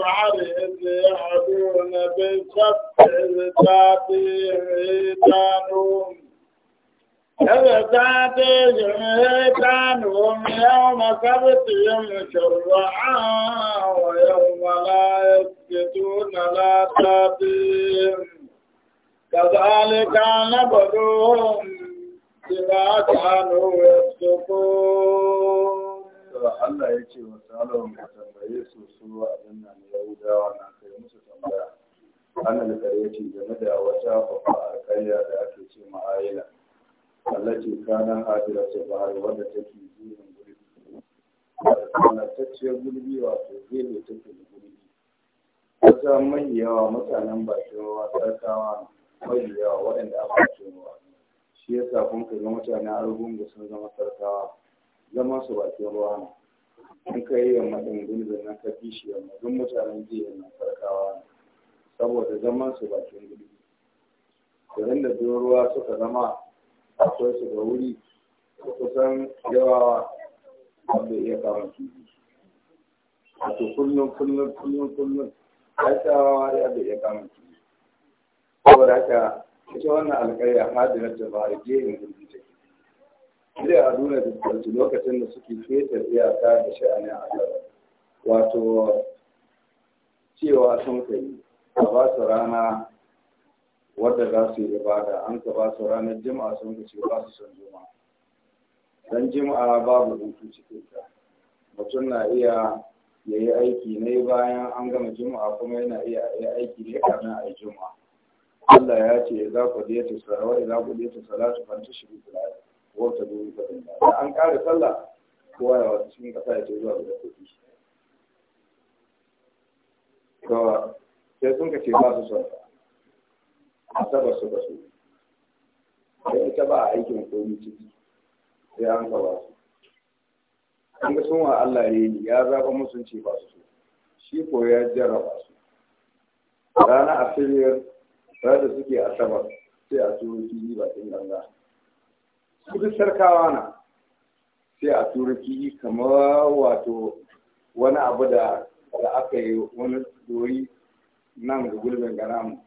السحر إذ يعدون بالسبت إذ تأتيهم إيتانهم إذ تأتيهم إيتانهم يوم سبتهم شرعا ويوم لا يسكتون لا تأتيهم كذلك نبلوهم بما كانوا يفسقون nasara Allah ya ce wa salawa ka tambaye su su abin nan yahudawa na kai musu tambaya annal karyati game da wata a karya da ake ce ma'ayila allace kana hadira ce bahari wanda take zuwan gurbi wadatacciyar gurbi wato gele take da gurbi wata mai yawa mutanen bakin ruwa sarkawa mai yawa waɗanda aka ce wa. shi yasa kun kai mutanen da sun zama sarkawa zaman su bakin ruwa ne in ka yi yamma ɗin gulbin nan ka fi shi yamma don mutanen jiya na farkawa ne saboda zaman su bakin gulbi garin da zuwa ruwa suka zama akwai su da wuri da kusan yawa wanda iya kama kifi wato kullum kullum kullum kullum aikawa ya da iya kama kifi saboda haka ita wannan alƙarya hadirar da ba a gehin ta take sai a nuna dukkanci lokacin da suke fetar iyaka da a azaba wato cewa sun kai a ba su rana wadda za su yi ibada an ka ba su ranar jima'a sun kai ba su son dan jima'a babu hutu cikin ta mutum na iya ya yi aiki ne bayan an gama jima'a kuma yana iya yi aiki ne kafin a yi Allah ya ce za ku je ta sarawa za ku je ta salatu fanta shi kula da wata dole fadin da an ƙara sallah kowa ya wasu cikin ƙasa ya ce zuwa guda kuɗi to sai sun kace ba su son asabar su basu sai ita ba a aikin komi ciki sai an gaba su an ga sun wa Allah ya yi ya zaɓa musu ce ba su so shi ko ya jarraba su rana a filiyar da suke asabar sai a turo fili ba sun ganga su duk sarkawa na sai a turki kamar wato wani abu da aka yi wani doyi nan ga gulbin gana mu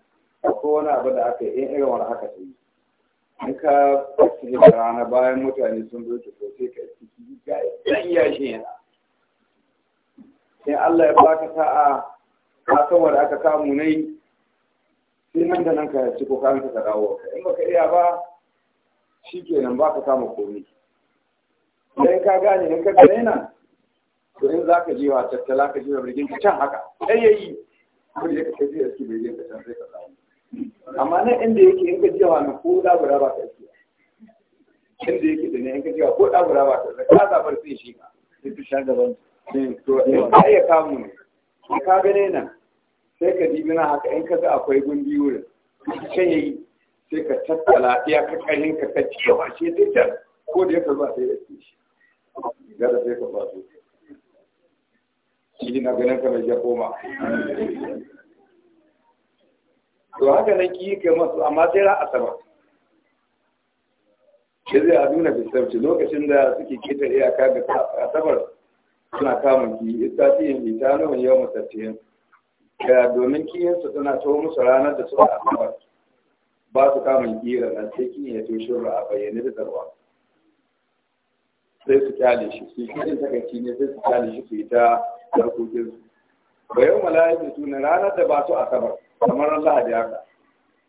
wani abu da aka yi in irin wani haka ta yi. in ka basu da rana bayan mutane sun doke ko sai ka ciki ga ɗan yashin yana sai Allah ya baka sa'a ka kawar da aka kamu nai sai nan da nan ka ci ko ka ka dawo in baka iya ba shi nan ba ka kama komi idan ka gane in ka gane nan to in za ka je wa tattala ka je wa birgin ka can haka sai ya yi ko da ka kai zai yake birgin ka can sai ka samu amma nan inda yake in ka je wa ko da guda ba ka yake inda yake da ne in ka je wa ko da guda ba ka yake ka zabar sai shi ka sai ka sha gaban eh, to in eh, ka iya kamu ne ka gane nan sai ka dibi gina haka in ka ga akwai gundi wurin can ya yi sai ka tattala iya ka karin ka ta cewa shi ta can ko da yaka ba sai ya ke shi gara sai ka ba su shi na ganin ka mai jakoma to haka nan ki kai masu amma sai ra sama shi zai a nuna bisabci lokacin da suke keta iyaka ga asabar suna kamun ki ita ce yin bita nawa yau matattiyin domin kiyinsu su suna taho musu ranar da suka asabar mun kira na sai ya to ba a bayyane da zarwa sai su kyale shi su kirin takaici ne sai su kyale shi su yi ta harkokin su bayan da tuna ranar da ba su asabar kamar ran lahadi haka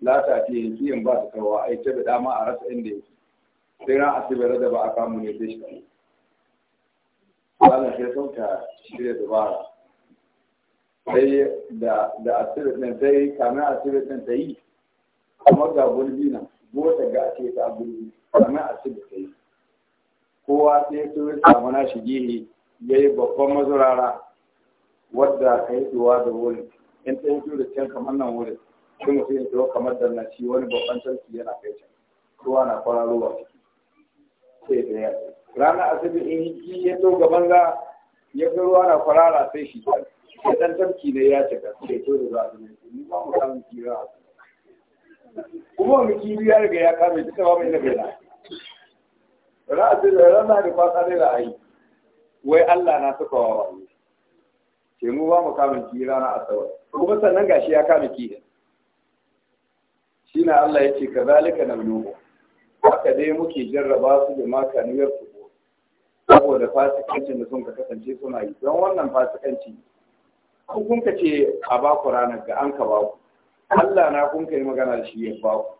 lata ce yin kiyan ba su kawo a ta da dama a rasa inda yake sai ran asibar da ba a kamu ne sai shi kai wannan sai sauta shirya dubara sai da asibitin sai asibar asibitin ta yi amma ga gurbi na gota ga ce ta gurbi kamar a su da kai kowa sai so ya samu na shi gini ya yi babban mazurara wadda ka yi tsuwa da wurin in ta yi da can kamar nan wurin shi mutum ya tsawo kamar da nan shi wani babban tarki yana kai can ruwa na kwararowa ciki sai da ya ranar asibi in yi ya to gaban ga ya ga ruwa na kwarara sai shi ya dan tarki ne ya cika sai to da za a zama ni ba mu samun kira a kuma wani kibi ya riga ya kame duka ba mai nabi na ra'azi da rana da fata dai ra'ayi wai Allah na suka wa wani ke mu ba mu kamun kibi rana asabar kuma sannan gashi ya kame Shi na Allah ya ce kazalika namluhu haka dai muke jarraba su da makaniyar su saboda fasikancin da sun ka kasance suna yi don wannan fasikanci kun ka ce a baku ranar ga an ka baku Allah na kun kai magana shi ya ba ku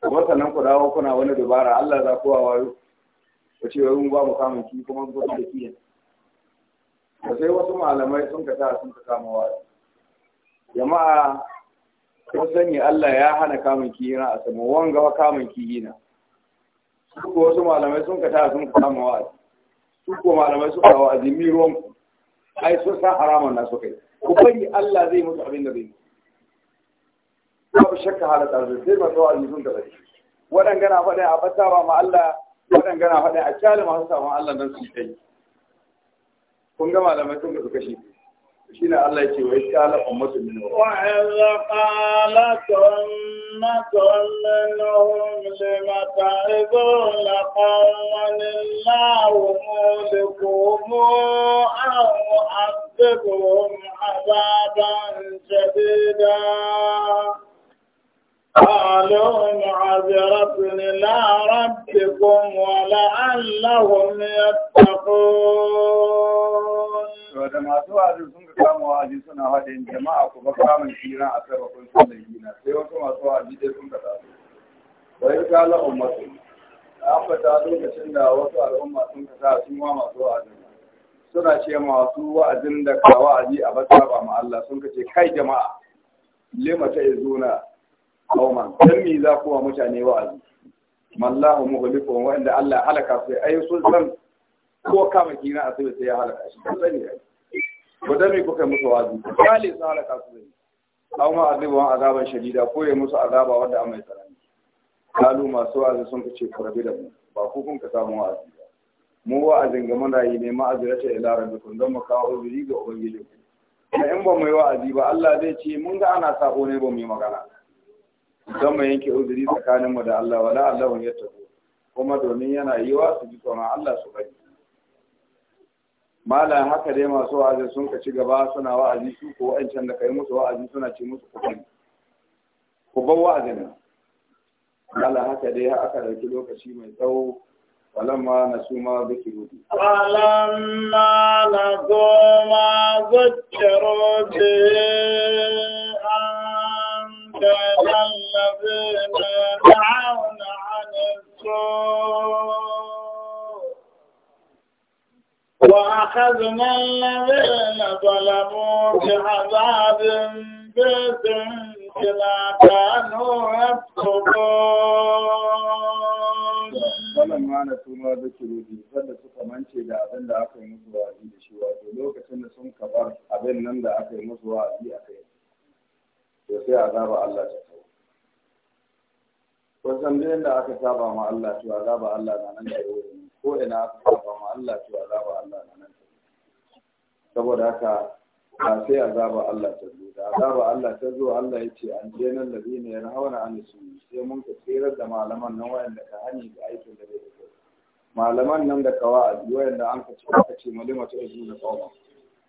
kuma sannan ku dawo kuna wani dubara Allah za ku wayo ku ce wai mun ba mu kamun ki kuma mun da kiyan da sai wasu malamai sun ka tara sun ka kama wayo jama'a kun sani Allah ya hana kamun kiyina a sama wanga wa kamun ki su ko wasu malamai sun ka sun ka kama wayo su ko malamai suka wa azimi ruwan ai sun san haraman na su kai. ku bari Allah zai mutu abin da zai yi babu shakka halatta su sai zuwa wa'azi sun gaba waɗanga na faɗin a fasawa ma Allah waɗanga na faɗin a kyale masu ma Allah nan su yi kun ga mai sun su kashi shi ne Allah ya ce wa ya kyale ummatu min wa wa'aza qalatun matun minhum lima ta'ibun laqawman illahu mulikumu aw azabhum azaban shadida قالوا عذرة إلى ربكم ولعلهم يتقون da masu wa'azi sun ka kama wa'azi suna haɗin jama'a ko ba kamun kiran a sarrafin sun da gina sai wasu masu wa'azi dai sun ka taso bai ga la ummatu an fata lokacin da wasu al'umma sun ka sa ma masu wa'azi suna ce masu wa'azin da ka wa'azi a basa ma Allah sun ka ce kai jama'a lima ta izuna qauman dan mi za ku wa mutane wa'azi mallahu mughliqun wanda Allah halaka su ayi sun san ko kama kina a sai sai ya halaka shi sun sani ko dan me kuka musu wa'azi kali sun halaka su ne aw ma azaban azaban shadida ko ya musu azaba wanda amai mai tsanani kalu masu wa'azi sun kace ku rabi da mu ba ku kun ka samu wa'azi mu wa'azin ga marayi ne ma'azirata ila rabbikum don mu kawo uzuri ga ubangiji da in ba mu yi wa'azi ba Allah zai ce mun ga ana sako ne ba mu yi magana don mu yanke uzuri tsakaninmu da Allah wala Allahun ya tafi kuma domin yana yiwa su ji tsoron Allah su bari Mala haka dai masu wa'azi sun ka ci gaba suna wa'azi su ko wa'ancan da ka yi musu wa'azi suna ci musu ku bari ku ne. wa'azin malam haka dai aka dauki lokaci mai tsawo su ma ما ذكروا Walamma na zo ma ذكروا به لأخذنا الذين ظلموا بعذاب بئس بما كانوا يفسقون فلما نسوا ما ذكروا به sanda suka mance da abin da aka yi musu wa'azi da shi wato lokacin da sun kabar abin nan da aka yi musu wa'azi a kai to sai azaba Allah ta kawo wasan da aka saba ma Allah to azaba Allah na nan da yau ko ina aka saba ma Allah to azaba Allah na nan saboda haka ba sai azaba Allah ta zo da azaba Allah ta zo Allah ya ce an je nan labi ne yana hawa an su sai mun ka tsirar da malaman nan wayanda ka hani da aikin da zai yi malaman nan da kawa a wayanda an ka ce aka ce mali ta zo zuwa kawa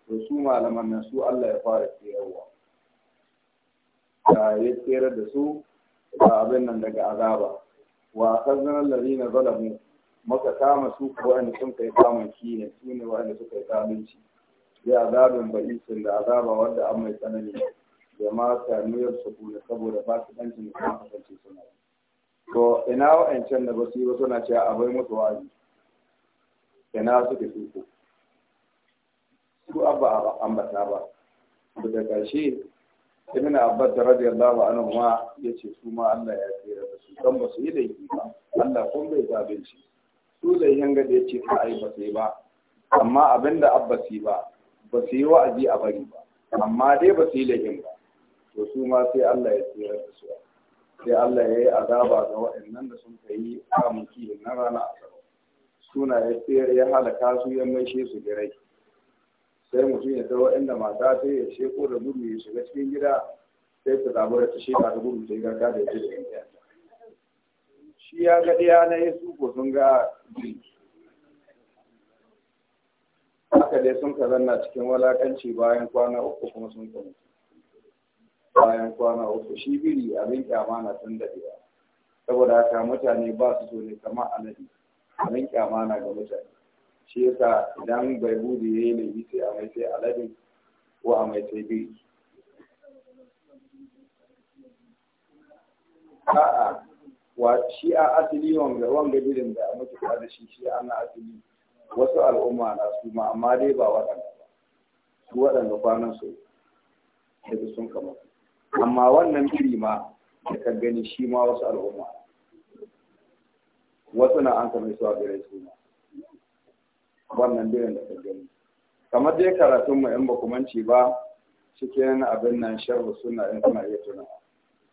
to su malaman nan su Allah ya fara tsirarwa da ya tsirar da su da abin nan daga azaba wa akhazna allazina zalamu maka kama su ko wanda sun kai kamun ne, su ne wa'anda suka yi zalunci bi azabin ba'isin da azaba wanda an mai tsanani da ma kanu ya saboda saboda fasikancin da kuma kasance suna to ina wa'ancan da ba su yi ba suna cewa abai musu wa'azi ina suke tuko su abba ambata ba daga ƙarshe ibn abbas radiyallahu anhu ma yace su ma Allah ya tsira da su dan ba su yi da yi ba Allah kun bai zabe shi su da yanga da yace ka ai ba sai ba amma abinda abbasi ba ba su yi wa'azi a bari ba amma dai ba su yi laifin ba to su ma sai Allah ya tsira da su sai Allah ya yi azaba ga waɗannan da sun kai kamuki na rana asabar suna ya tsira ya halaka su ya maishe su girai sai mutum ya zama inda mata sai ya sheko da gudu ya shiga cikin gida sai ta zabu da ta sheka da gudu ta yi garga da ya ce da shi ya ga ɗaya na yi su ko sun ga jiki haka dai sun ka zanna cikin walakanci bayan kwana uku kuma sun ka mutu bayan kwana uku shi biri abin kyama na tun biya saboda haka mutane ba su so ne kamar alade abin kyama na ga mutane shi yasa idan bai bude ya yi laifi sai a mai sai alade ko a mai sai biri a'a wa shi a asali wanga wanga birin da mutu da shi shi ana asali wasu al'umma na su ma amma dai ba waɗanda su waɗanda kwanan su da su sun kama amma wannan iri ma da kan gani shi ma wasu al'umma wasu na an kama su a gare su ma wannan birin da kan gani kamar dai karatun mu yan ba ba cikin abin nan sharhu suna yin kana iya tunawa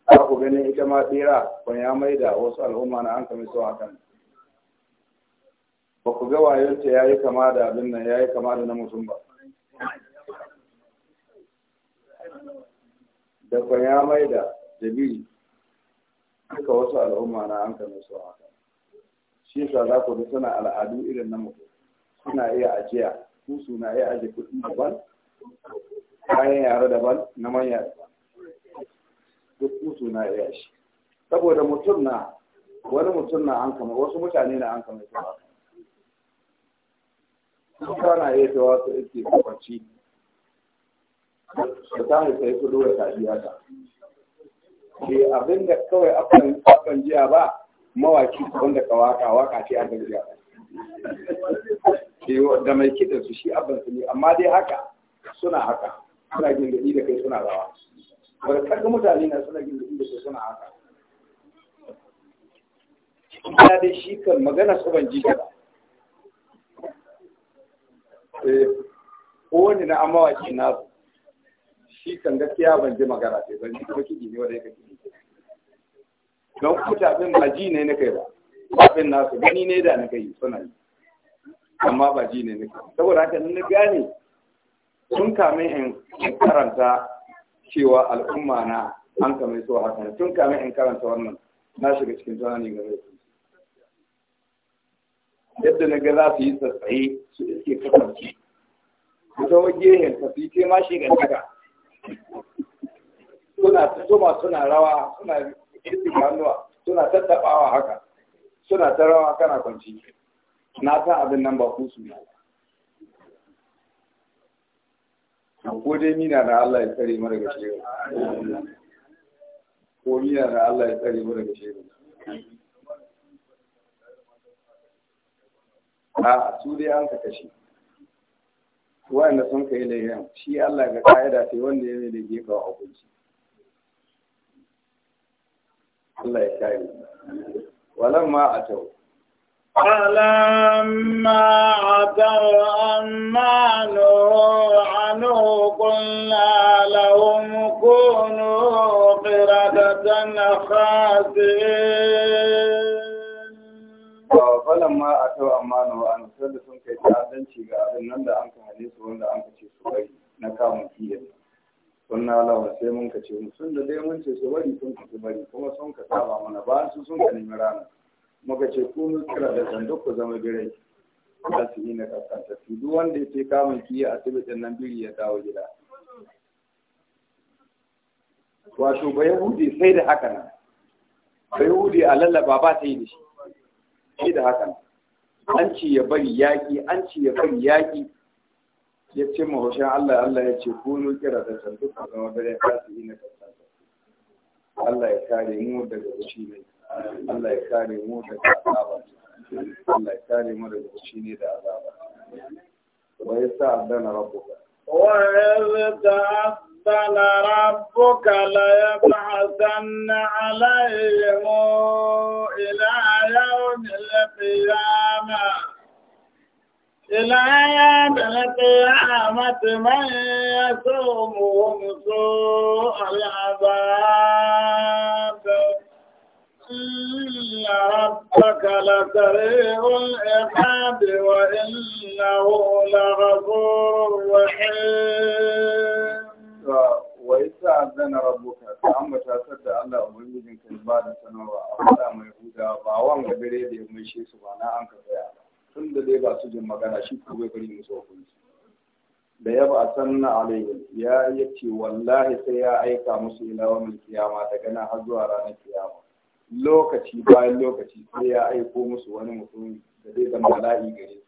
za ku gani ita ma tsira ban ya maida wasu al'umma na an kama su a kan ba ku ga wayonta ya yi kama da abin nan ya yi kama da na mutum ba da ya mai da jabiri duka wasu al'umma na an kame su haka shi sa za ku ga suna al'adu irin na mutum suna iya ajiya su suna iya ajiye kuɗi daban kayan yare daban na manya daban duk su suna iya shi saboda mutum na wani mutum na an kama wasu mutane na an kama su haka kuka na iya ta wasu iske kwanci da ta haifa ya kudu da tafiya ta ke abin da kawai akan jiya ba mawaki wanda ka waka waka ce a gajiya ke da mai kiɗa su shi abin su ne amma dai haka suna haka suna gindiri da kai suna rawa bar kaga mutane na suna gindiri da kai suna haka ya dai shi kan magana su ban ji ka Eh, kowane na an mawaki nasu shi kan gaskiya ban ji magana sai ban ji kuma kiɗi ne wanda yake kiɗi don kuta abin ba ji ne na kai ba abin nasu gani ne da na kai suna yi amma ba ji ne na kai saboda haka na gane sun kame in karanta cewa al'umma na an kame so hakan sun kame in karanta wannan na shiga cikin tunani game da su yadda na ga za su yi tsatsaye su iske kasance ku waje yin tafi fi ma shi gantaka suna soma suna rawa suna yi hannuwa suna tattabawa haka suna ta rawa kana kwanci na san abin nan ba ku su ne ko dai mina da Allah ya tsare mara daga shehu ko mina da Allah ya tsare mara daga shehu a su dai an ka kashe wa'anda sun kai laifin shi Allah ga ka'ida sai wanda ya da gefa a hukunci Allah ya kare walan ma a tau فلما عتوا عما نهوا عنه قلنا لهم كونوا قردة خاسرة falon ma a tau na wa an da sun kai ta'addanci ga abin nan da an ka hane su wanda an ka ce su bari na kamun kiyan sun na lawa sai mun ka ce sun da dai mun ce su bari sun ka bari kuma sun ka saba mana Ba su sun ka nemi rana muka ce ku kira da can ku zama birai za su yi na su duk wanda ya ce kamun a asibitin nan biri ya dawo gida wato ba yahudi sai da haka nan ba yahudi a lallaba ba ta yi da shi sai da hakan an ce ya bari yaƙi an ce ya bari yaƙi ya ce mahaushin Allah Allah ya ce kunu kira da sandu ka zama dare ka su yi na kasanta Allah ya kare mu daga fushi ne Allah ya kare mu daga azaba Allah ya kare mu daga fushi ne da azaba wa yasa adana rabbuka wa yasa أرسل ربك ليبعثن عليهم إلى يوم القيامة إلى يوم القيامة من يسومهم سوء العذاب إن ربك لسريع العقاب وإنه لغفور رحيم wa yasa zana rabuka ka ambata sar da Allah ubangijin ka ba da sanarwa a fada mai huda ba wanga dare da ya maishe su ba na an ka tsaya tun da dai ba su jin magana shi ko bai bari musu hukunci da ya ba sanna alayhi ya yace wallahi sai ya aika musu ila wani kiyama daga nan har zuwa ranar kiyama lokaci bayan lokaci sai ya aiko musu wani mutum da zai zama bala'i gare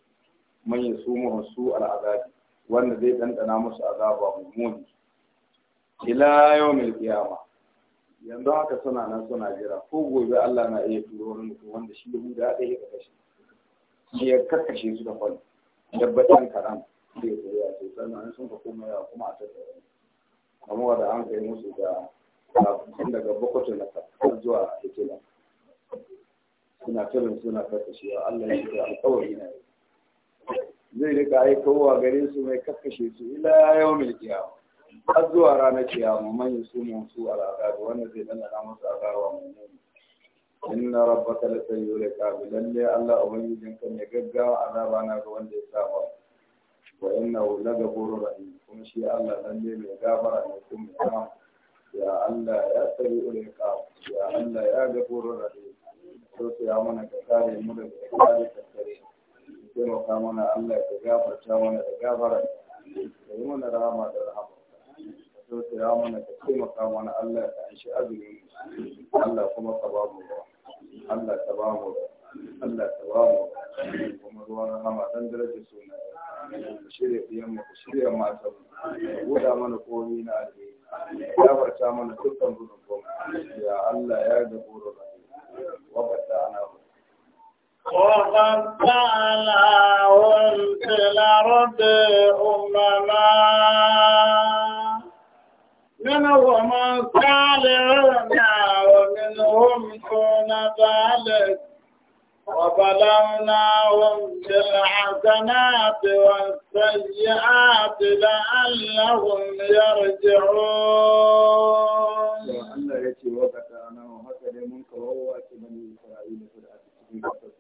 su man ya su al'azabi wanda zai dandana musu azaba mummuni ila yawmil qiyama yanzu haka suna nan suna jira ko gobe Allah na iya turo wani mutum wanda shi Yahuda ɗaya ya kashe shi ya kakkashe su da kwallo dabbatan karam da ya tsaya to sannan sun ka koma ya kuma a tattara amma wanda an kai musu da kafin daga bakwato na kafin zuwa hikima suna turin suna kakkashewa Allah ya shiga alkawari na zai rika aikowa gare su mai kakkashe su ila yawmil qiyama har zuwa ranar kiyama man yi su mun su al'adabu wanda zai dana na musu azaba mummuni inna rabbaka la sayyul iqabi lalle Allah ubangijin ka ne gaggawa azaba na ga wanda ya saba wa innahu la ghafurur rahim kuma shi Allah lalle mai gafara ne kuma ya Ya Allah ya sayyul iqab ya Allah ya ghafurur rahim to sai ya mana ka kare mu daga kare kare sai mu ka mana Allah ya gafarta mana da gafara sai mu na rahama da rahama tausaya mana ka taimaka mana Allah ka anshi azumi Allah kuma ka ba mu Allah ka ba mu Allah ka ba mu kuma ruwan rahama dan daraja suna ka shirya biyan mu ka shirya mata mu guda mana komi na alheri ya farta mana dukkan gudun goma ya Allah ya ga goro na wabata ana mu وقطعناهم في الأرض أمما منهم الصالحون ومنهم دون ذلك وبلوناهم بالحسنات والسيئات لعلهم يرجعون. الله يأتي وقت أنا وهكذا منكر هو بني إسرائيل في الأسفل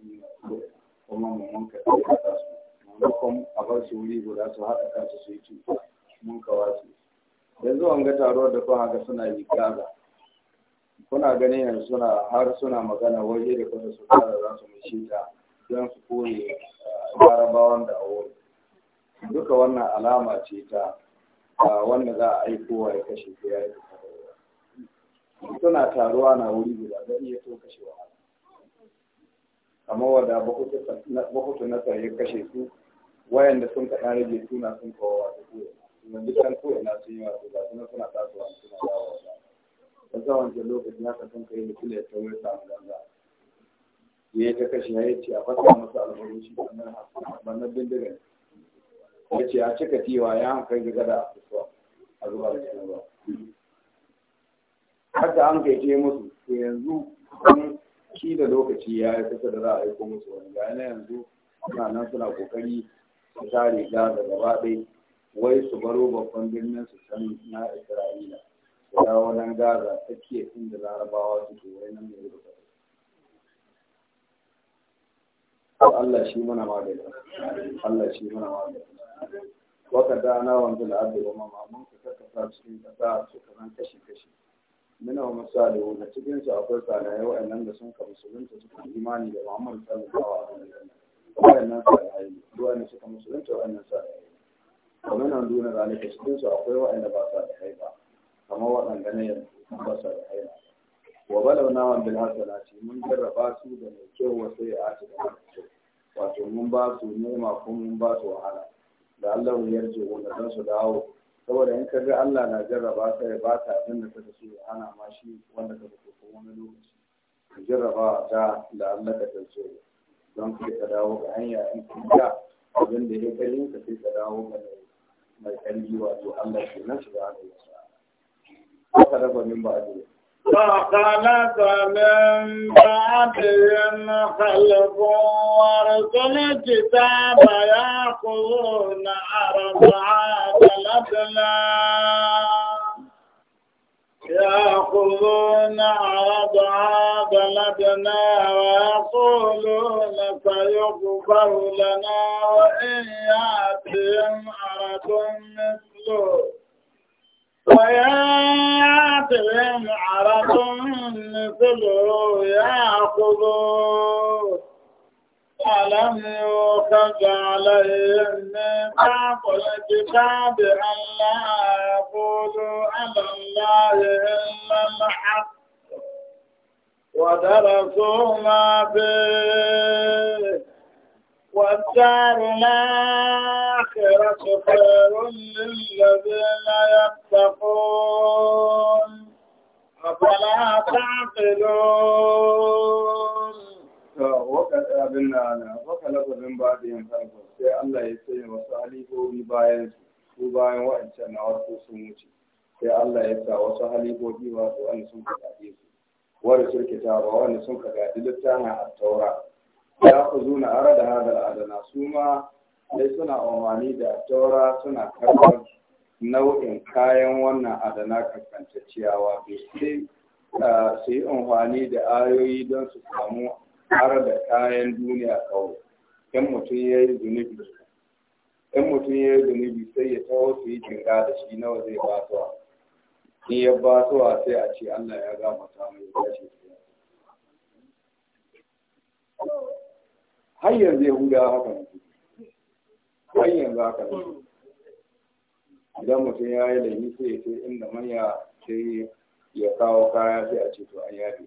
kuma mu wanka ɗaukaka su maimakon a bar su wuri guda su haɗa kansu su yi cuta mun kawa su yanzu an ga taruwar da kuma haka suna yi gaza kuna ganin yanzu suna har suna magana waje da kuma su fara za su mace ta don su koye eh, larabawan da wuri duka wannan alama ce ta ah, wanda za a aikowa ya kashe ko ya yi suna taruwa na wuri guda zan iya so kashe wahala amma wadda bakwai na ya kashe su wayanda sun kaɗa rage suna sun kawo wasu koyarwa mun ji san ko ina sun yi wato ga suna suna tasowa suna dawowa ta sa wancan lokacin ya kasan kai mutum ya tawo ya samu ganga ya yi ta kashe ya yi ce a fasa masa albarushi sannan wannan bindigan ya ce a cika tiwa ya hankali ga gada a kusurwa a zuba da cikin ruwa haka an kai ce musu to yanzu an shi da lokaci ya yi kusa da za a yi aiko musu wani ga na yanzu suna nan suna kokari su tare da gaba ɗaya wai su baro babban birnin su can na isra'ila su dawo nan gaza take inda larabawa suke wai nan ne da to Allah shi mana magani Allah shi mana magani waka da na wanda al'adu ma mamamun ka kasa cikin kasa su kaman kashi kashi muna wa misali na cikin su akwai salaya wa'annan da sun ka musulunta suka imani da Muhammad sallallahu alaihi wasallam wa'annan su wa'annan suka musulunta wa'annan salaya kamar nan duna zalika akwai waɗanda ba su da haiba kamar waɗanda ne yanzu ba su da haiba wa balawna wa bil hasanati mun jarraba da mai kyau wa sai a ci da kyau wato mun ba nema ko mun ba wahala da Allah ya wanda dan su dawo saboda in ka ga Allah na jarraba sai ya bata abin da kake so ana ma shi wanda kake so ko wani lokaci ka jarraba ta da Allah don kai ka dawo ga hanya in ka abin da ya kai ka sai ka dawo ga mai ƙarfi wato Allah ke nan su da haka yasa. Haka daga min ba a jira. فخلق من بعدهم خلق ورسل الكتاب يأخذون عرض هذا لدنا ويقولون سيغفر لنا وإن يأتهم عرض مثله وإن يأتهم عرض مثله يأخذوه ولم يوكج عليهم من بعض الكتاب أن لا يقولوا على الله إلا الحق ودرسوا ما فيه والدار الآخرة خير للذين يتقون أفلا تعقلون abin na na waka lafazin ba da yin harfa sai Allah ya sanya wasu halifobi bayan su bayan wa'ancan na warko sun wuce sai Allah ya sa wasu halifobi ba su wani sun kaɗaɗe su wanda sun kita ba wani sun kaɗaɗe littafin a taura ya ku zuna ara da hada adana su ma dai suna amfani da taura suna karɓar nau'in kayan wannan adana kankantacciyawa bai sai ah, su yi amfani da ayoyi don su samu har da kayan duniya kawai 'yan mutum ya yi zunubi 'yan mutum ya yi zunubi sai ya taho su yi jinga da shi nawa zai basuwa in ya basuwa sai a ce Allah ya gama samu ya tashi har yanzu yahuda haka ne har yanzu haka ne idan mutum ya yi laifi sai ya ce inda manya sai ya kawo kaya sai a ce to an yafe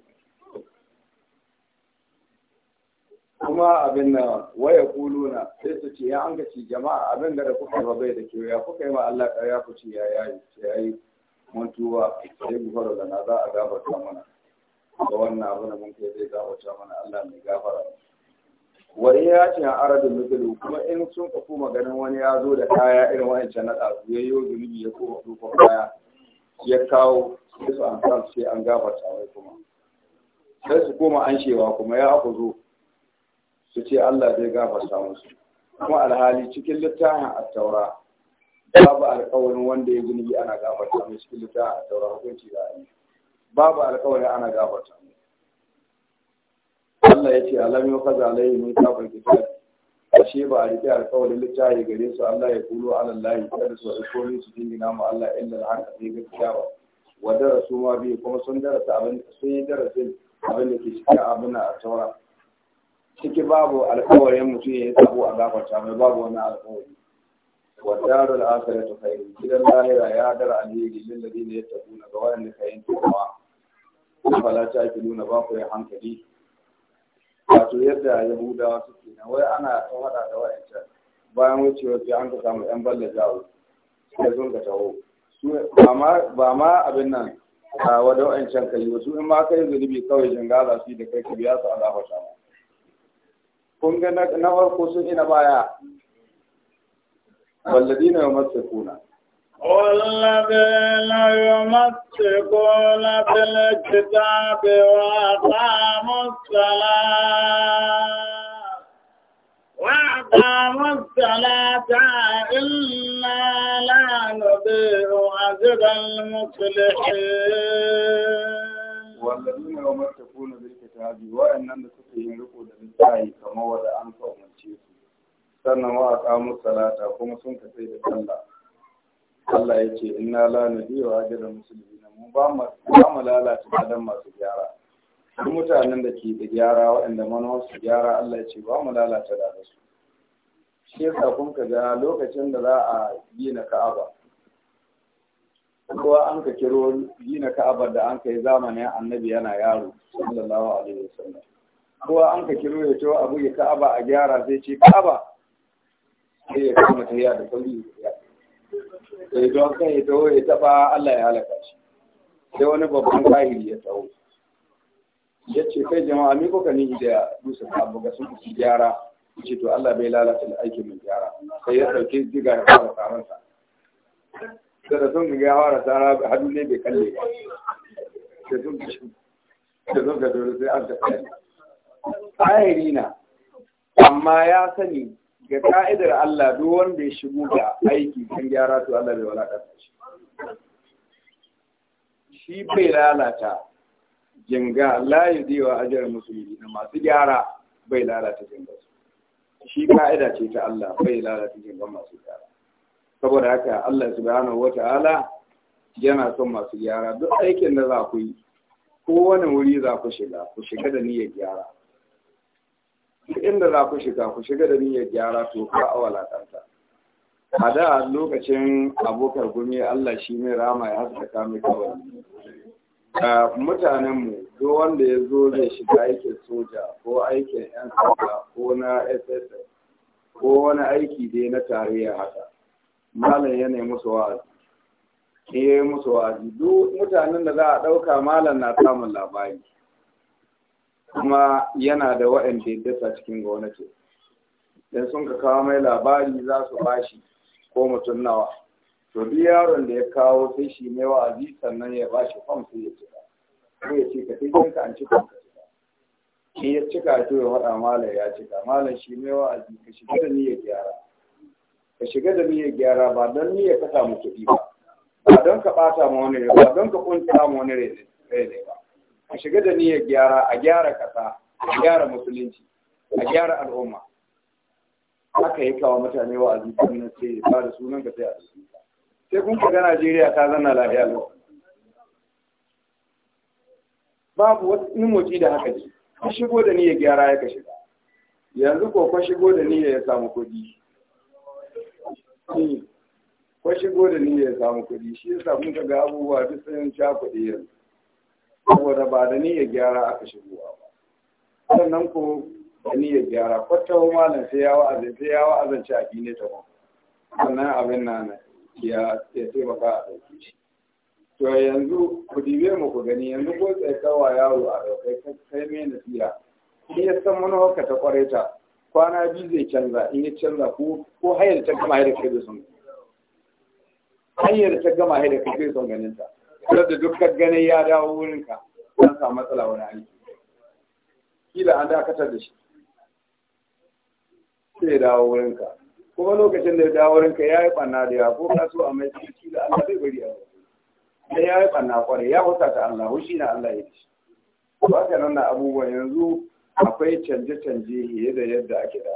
kuma abin nan waya kuluna sai su ce ya an gaci jama'a abin da kuka ba bai da kyau ya kuka yi ma Allah ƙarya ya kuci ya ya yi ya yi mutuwa sai mu fara na za a gafarta mana ga wannan abin da mun kai zai gafarta mana Allah mai gafara wa ya ce an arabin mutulu kuma in sun kafu maganin wani ya zo da kaya irin wancan na ɗazu ya yi zunubi ya koma tufan kaya ya kawo su an sai an gafarta mai kuma sai su koma an shewa kuma ya aku zo su ce Allah zai gafarta musu kuma alhali cikin littafin attaura babu alƙawarin wanda ya zunubi ana gafarta mai cikin littafin attaura hukunci da ayi babu alƙawarin ana gafarta mai Allah ya ce alam yau kaza alayhi min kafin kitab ashe ba a rike alƙawarin littafi gare su Allah ya kulo alallahi kada su komi su dingina mu Allah ya alhaka sai gaskiya ba wa darasu ma biyu kuma sun darasa abin sun yi darasin abin da ke cikin abin a taura ciki babu alkawarin mutum ya yi sabo a gafarta mai babu wani alkawari da aka ta kai gidan lahira ya dara dar alheri ya ladina na ga ka yi kuma. takawa fala ta ki nuna ba ku hankali wato yadda yahudawa suke na wai ana ta da wa'ancan bayan wucewa sai an ka samu yan balle jawo sai sun ka taho ba ma abin nan a wadda wa'ancan kai wasu in ma kai zunubi kawai gaza su da kai ka biya su a gafarta mai kun ga na farko sun ina baya والذين يمسكون والذين يمسكون بالكتاب وأقاموا الصلاة وأقاموا الصلاة إنا لا نضيع أجر المصلحين والذين يمسكون بالكتاب وإن لم تكن sa'ayi kamar wanda an kaumance su sannan wa aqamu salata kuma sun ka sai da sallah Allah ya ce inna la nadiyu ajran muslimina mu ba mu ba mu lalata ladan masu gyara duk mutanen da ke da gyara waɗanda manowar su gyara Allah ya ce ba mu lalata da su shi yasa kun ka ga lokacin da za a gina Ka'aba kowa an ka kiro gina Ka'aba da an kai zamanin Annabi yana yaro sallallahu alaihi wasallam kowa an ka kiro ya to abu ya ka'aba a gyara sai ce ka'aba sai ya kama ta da sauri ya sai don kan ya taho ya taba Allah ya halaka shi sai wani babban kahiri ya taho ya ce kai jama'a me kuka ni da dusa abu ga sun fi gyara ce to Allah bai lalata aikin mai gyara sai ya sauke diga ya fara tsaransa da da sun ga ya fara tsara hadu ne bai kalle ba da sun ga sai an tafi ƙahiri na amma ya sani ga ka'idar Allah duk wanda ya shigo da aiki kan gyara to Allah wala ƙasa shi shi bai lalata jinga layi zewa ajiyar musulmi na masu gyara bai lalata jinga su shi ka'ida ce ta Allah bai lalata jinga masu gyara saboda haka Allah gano wata ala yana son masu gyara duk aikin da za ku yi kowane wuri za ku shiga ku shiga da niyyar gyara duk inda za ku shiga ku shiga da niyyar gyara to ka awala kanta a da lokacin abokar gumi Allah shi ne rama ya ka mai kawai mutanen mu duk wanda ya zo zai shiga aikin soja ko aikin yan sanda ko na SS ko wani aiki dai na tarayya haka malam ya nemi musu wa'azi ke musu wa'azi duk mutanen da za a ɗauka malam na samun labari kuma yana da waɗanda ya dasa cikin gwamnati dan sun ka kawo mai labari za su bashi ko mutum nawa to duk yaron da ya kawo sai shi ne wa'azi sannan ya bashi fam sai ya cika ko ya ce ka sai kanka an cika ka in ya cika to ya faɗa malam ya cika malam shi ne wa'azi ka shiga da niyyar gyara ka shiga da niyyar gyara ba don niyyar ka samu kuɗi ba ba don ka ɓata ma wani rai ba don ka kunta ma wani rai ne ba a shiga da niyyar gyara a gyara ƙasa a gyara musulunci a gyara al'umma haka yi kawo mutane wa azizi sunan sai ya fara sunan ka sai a azizi sai kun ga Najeriya ta zanna lafiya lau babu wani motsi da haka ce ka shigo da niyyar gyara ya ka shiga yanzu ko ka shigo da niyyar ya samu kuɗi ko shigo da niyyar ya samu kuɗi shi ya samu ka ga abubuwa duk sun cakuɗe yanzu saboda ba da niyyar gyara aka shigowa ba sannan ko da niyyar gyara kwatawa malam sai ya wa'azin sai ya wa'azin ci a ne ta ba sannan abin na na ya taimaka a ɗauki shi to yanzu ku dibe mu ku gani yanzu ko tsaye kawa yaro a ɗaukai kai mai nasiya in ya san manuwarka ta kware ta kwana biyu zai canza in ya canza ko ko hayar ta gama hayar kai zai son hayar ta gama hayar kai zai son ganin ta da dukkan ganin ya dawo wurinka an samu matsala wani aiki kila an dakatar da shi sai ya dawo wurinka kuma lokacin da ya dawo wurinka ya yi ɓanna da yawa ko ka so a mai cikin da Allah zai bari a sai ya yi ɓanna kware ya huta ta Allah hushi na Allah ya ci ba ka nan abubuwan yanzu akwai canje-canje fiye da yadda ake da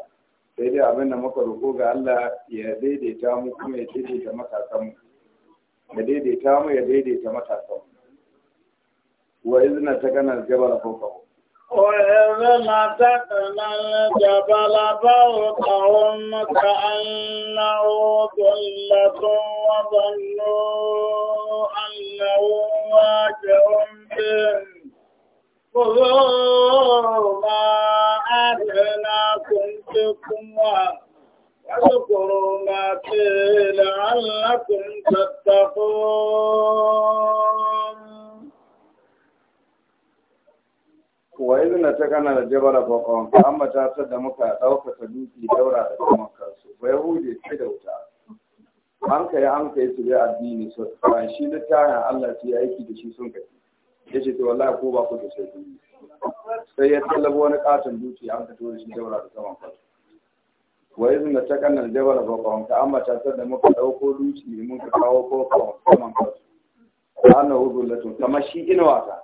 sai dai abin da maka roƙo ga Allah ya daidaita mu kuma ya daidaita matasanmu ya daidaita mu ya daidaita matasan wa izna ta kana jabal fawqahu وإذ مسكنا الجبل فوقهم كأنه ظلة وظنوا أنه واقع بهم خذوا ما آتيناكم بقوة واذكروا ما فيه لعلكم تتقون وإذ نتكنا الجبل فوقهم فأما تاسد دمك ɗaukaka duki daura da kuma kansu ba yahudi sai da wuta addini so ba shi littafin Allah aiki da shi sun kai yace to wallahi ko ba ku sai ya tallabo wani katon duki an ka tura shi daura da saman kansu wa iz na takan al jabal fawqahum ta amma ta da muka dauko duci mun ka kawo fawqahum saman ka ana hudullatu kamar shi inuwa ta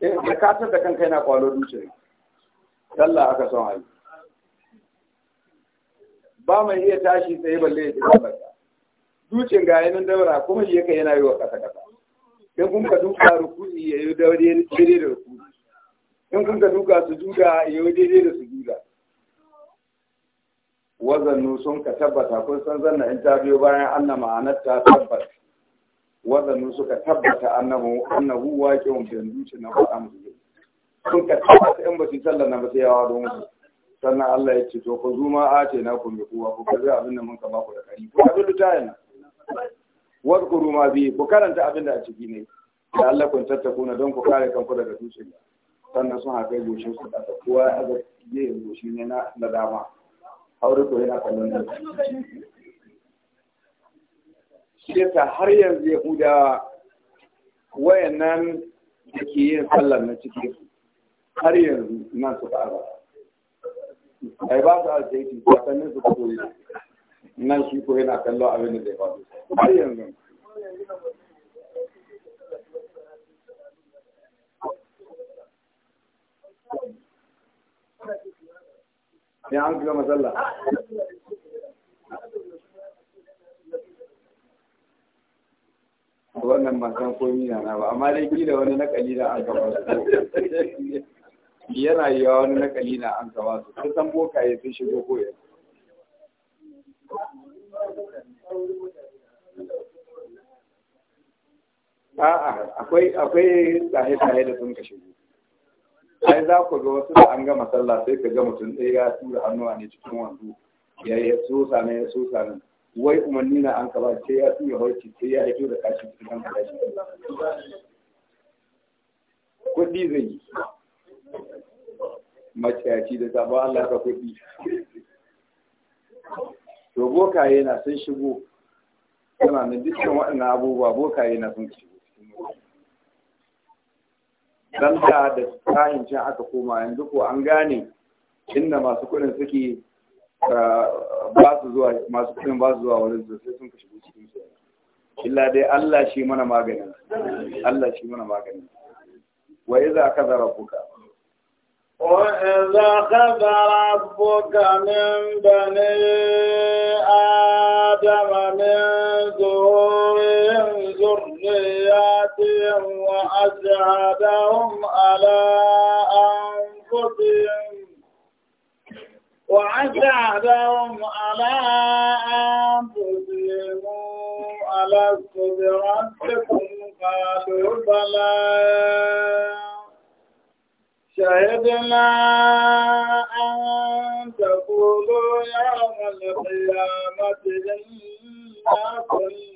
in eh, ka katar da kanka yana kwalo duci sallah aka son ayi ba mai iya tashi tsaye balle ya tafi barka ducin ga yanin daura kuma shi yake yana yi wa kasa kasa in kun ka duka rukuni ya yi daure daidai da rukuni in kun ka duka su duka ya yi daidai da su duka wazannu sun ka tabbata kun san zanna in ta biyo bayan annama ma'anar ta tabbata wazannu suka tabbata annahu annahu waqi'un bi zuci na faɗa sun ka tabbata in ba su sallar na ba sai yawa don musu sannan Allah ya ce to ku zuma a ce na ku mi kowa ku kaza abin da mun ka ba ku da kari ku abin da yana wadkuru ma bi ku karanta abin da a ciki ne da Allah kun na don ku kare kanku daga dutsen sannan sun haƙe goshin su da kowa ya ga yin goshi ne na dama aure ko yana kallon nan shi ta har yanzu ya yahudawa wayannan da ke yin sallar na ciki har yanzu nan su ba ba ai ba su aljaiti sakannin su yi. nan shi ko yana kallon abin da zai faru har yanzu Thank you. sai an gama sallah wannan ba san komi na na ba amma dai kila wani na na an gaba su yana yiwa wani na na an gaba su sun san bokaye sun shigo koyar a'a akwai akwai tsaye-tsaye da sun ka shigo ai za ku ga wasu da an gama sallah sai ka ga mutum ɗaya ya tura hannuwa ne cikin wando ya yi sosa ne ya sosa ne wai umarni na an kaba sai ya tura harci sai ya haifo da kashi cikin kan kashi kuɗi zai yi maciyaci da sabon Allah ka kuɗi to bokaye na sun shigo suna na dukkan waɗannan abubuwa bokaye na sun shigo cikin dan da da kayan can aka koma yanzu ko an gane inda masu kudin suke ah, ba su zuwa masu kudin ba su zuwa wurin su sai sun kashi cikin su illa dai Allah shi mana magani Allah shi mana magani wa iza kaza rabbuka وإذا أخذ ربك da بني وأشهدهم على أنفسهم وأشهدهم على أنفسهم على بربكم قالوا بلى شهدنا أن تقولوا يوم القيامة إنا كنا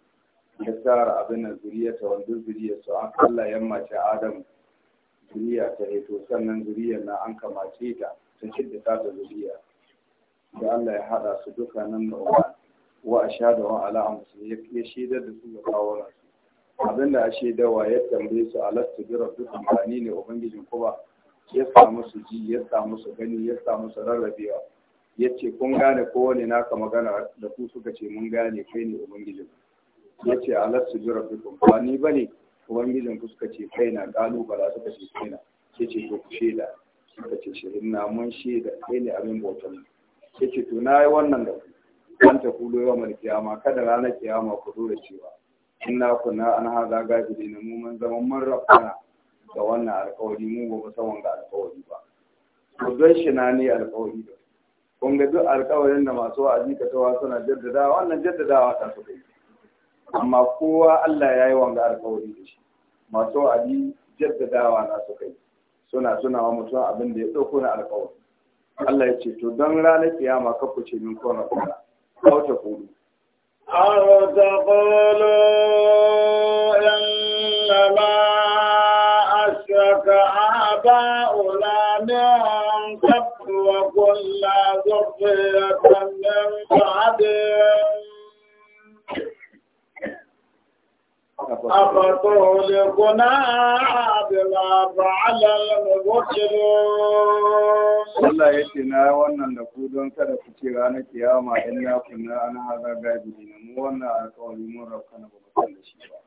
ya tsara abin zuriyarta wanda zuriyarsa an kalla ya mace Adam zuriya ta heto sannan zuriyar na an kamace ta ta shidda ta ta zuriya da Allah ya haɗa su duka nan da wa wa a sha da a musulmi ya shaidar da su ga kawo abin da a shaidawa ya tambaye su alastu bi rabbikum bani ne ubangijin ku ya samu su ji ya samu su gani ya samu su rarrabewa ya ce kun gane kowane naka magana da ku suka ce mun gane kai ne ubangijin ya ce alastu bi rabbikum ba ni ne ubangijin ku suka ce kaina su suka ce kaina ya ce to ku shaida suka ce shirin na mun shaida kai ne abin bautan ya ce to na yi wannan da ku an ta kulo yau mai kiyama kada ranar kiyama ku da cewa ku na an haza gafili na mu mun zama mun rafana da wannan alkawari mu ba mu san wanga alkawari ba ku don shi na ne alkawari ba. kun ga duk alkawarin da masu wa'azi ka tawa suna jaddadawa wannan jaddadawa ta su kai amma kowa Allah ya yi wanga alkawari da shi masu abi jaddadawa na su kai suna suna wa mutum abin da ya ɗauko na alkawari Allah ya ce to don ranar kiyama ka kuce min kona kona aw kudu aw ta qulu inna ma ashraka aba'una min qabl wa kullu dhurriyatan أفتهلكنا بما فعل المبطلون Allah ya ce na wannan da don kada ku ce ranar kiyama in na kunna an haza wannan alƙawari mun rafka na babu da shi ba.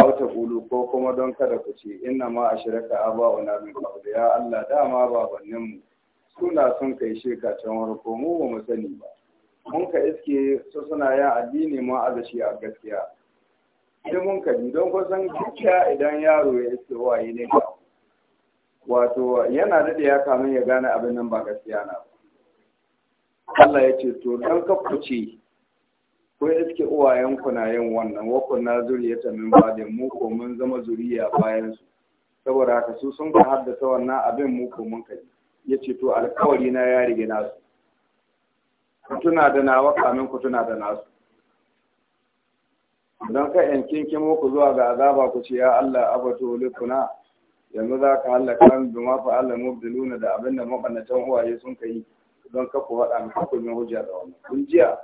Aw ta kulu ko kuma don kada ku ce inna ma a shirka aba na min qabl ya Allah dama babannin mu suna sun kai shirka can warko mu ba mu sani ba. Mun ka iske su suna yin addini ma a gaskiya. sai mun kaji don kusan kicciya idan yaro ya iske waye ne ba wato yana daɗe ya kama ya gane abin nan ba gaskiya na ba Allah ya ce to don kafuce ko iske uwayenku na yin wannan wakon na zuriyata min ba mu ko mun zama zuriya bayan su saboda haka su sun ka haddasa wannan abin mu mun kaji ya ce to alkawari na ya rige nasu ku tuna da nawa kamin ku tuna da nasu don ka in kinkimo ku zuwa ga azaba ku ce ya Allah abatu lukuna yanzu za ka halaka mu bima fa Allah mubdiluna da abinda mabannatan uwaye sun kai don ka ku faɗa mu hukumin hujja da wannan kun jiya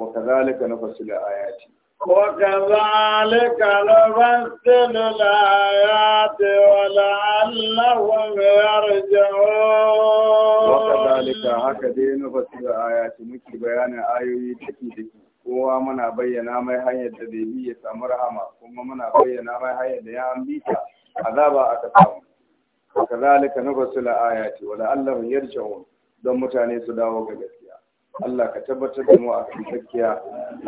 wa kazalika nafsilu ayati وكذلك نفصل الآيات ولعلهم يرجعون وكذلك هكذا نفصل ayati muke bayanin ayoyi take-take. cewa muna bayyana mai hanyar da zai ya samu rahama kuma muna bayyana mai hanyar da ya an a ta azaba aka samu kazalika nufasil ayati wa la'allahum yarji'un don mutane su dawo ga gaskiya Allah ka tabbatar da mu a kan gaskiya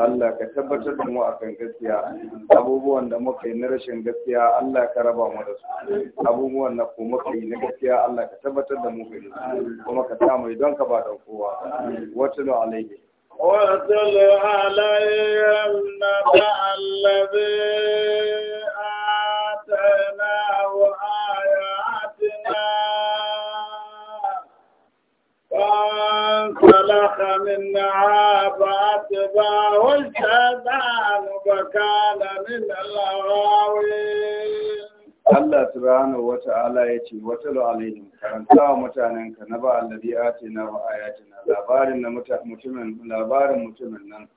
Allah ka tabbatar da mu a kan gaskiya abubuwan da muka yi na rashin gaskiya Allah ka raba mu da su abubuwan da kuma muka yi na gaskiya Allah ka tabbatar da mu kuma ka samu idan ka ba da kowa wata da alaihi واتل عليهم نبأ الذي آتيناه آياتنا فانسلخ منها فأتبعه الشيطان فكان من الغاوين Allah subhanahu wata ala ya ce wata alaihim karanta wa mutanen ka na ba alladhi atina wa ayatina labarin na mutumin labarin mutumin nan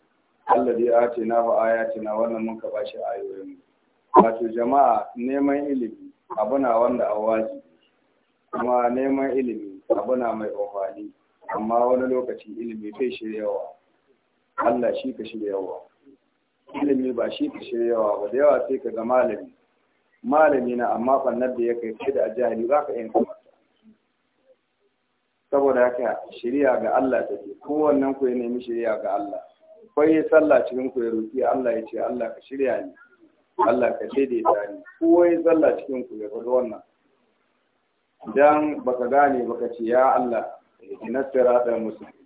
alladhi atina wa na wannan mun ka bashi ayoyin wato jama'a neman ilimi abuna wanda a wajibi kuma neman ilimi abuna mai ofani. amma wani lokaci ilimi kai shiryawa Allah shi ka shiryawa ilimi ba shi ka shiryawa ba da yawa sai ka ga malami malami na amma bannar da ya kai sai da ajali ba ka yin kamata saboda haka shirya ga Allah ta take kowannen ku ya nemi shirya ga Allah kwai ya sallah cikin ku ya roki Allah ya ce Allah ka shirya ni Allah ka daidaita ni kowa ya sallah cikin ku ya faɗi wannan idan baka gane baka ce ya Allah ihdinas da musulmi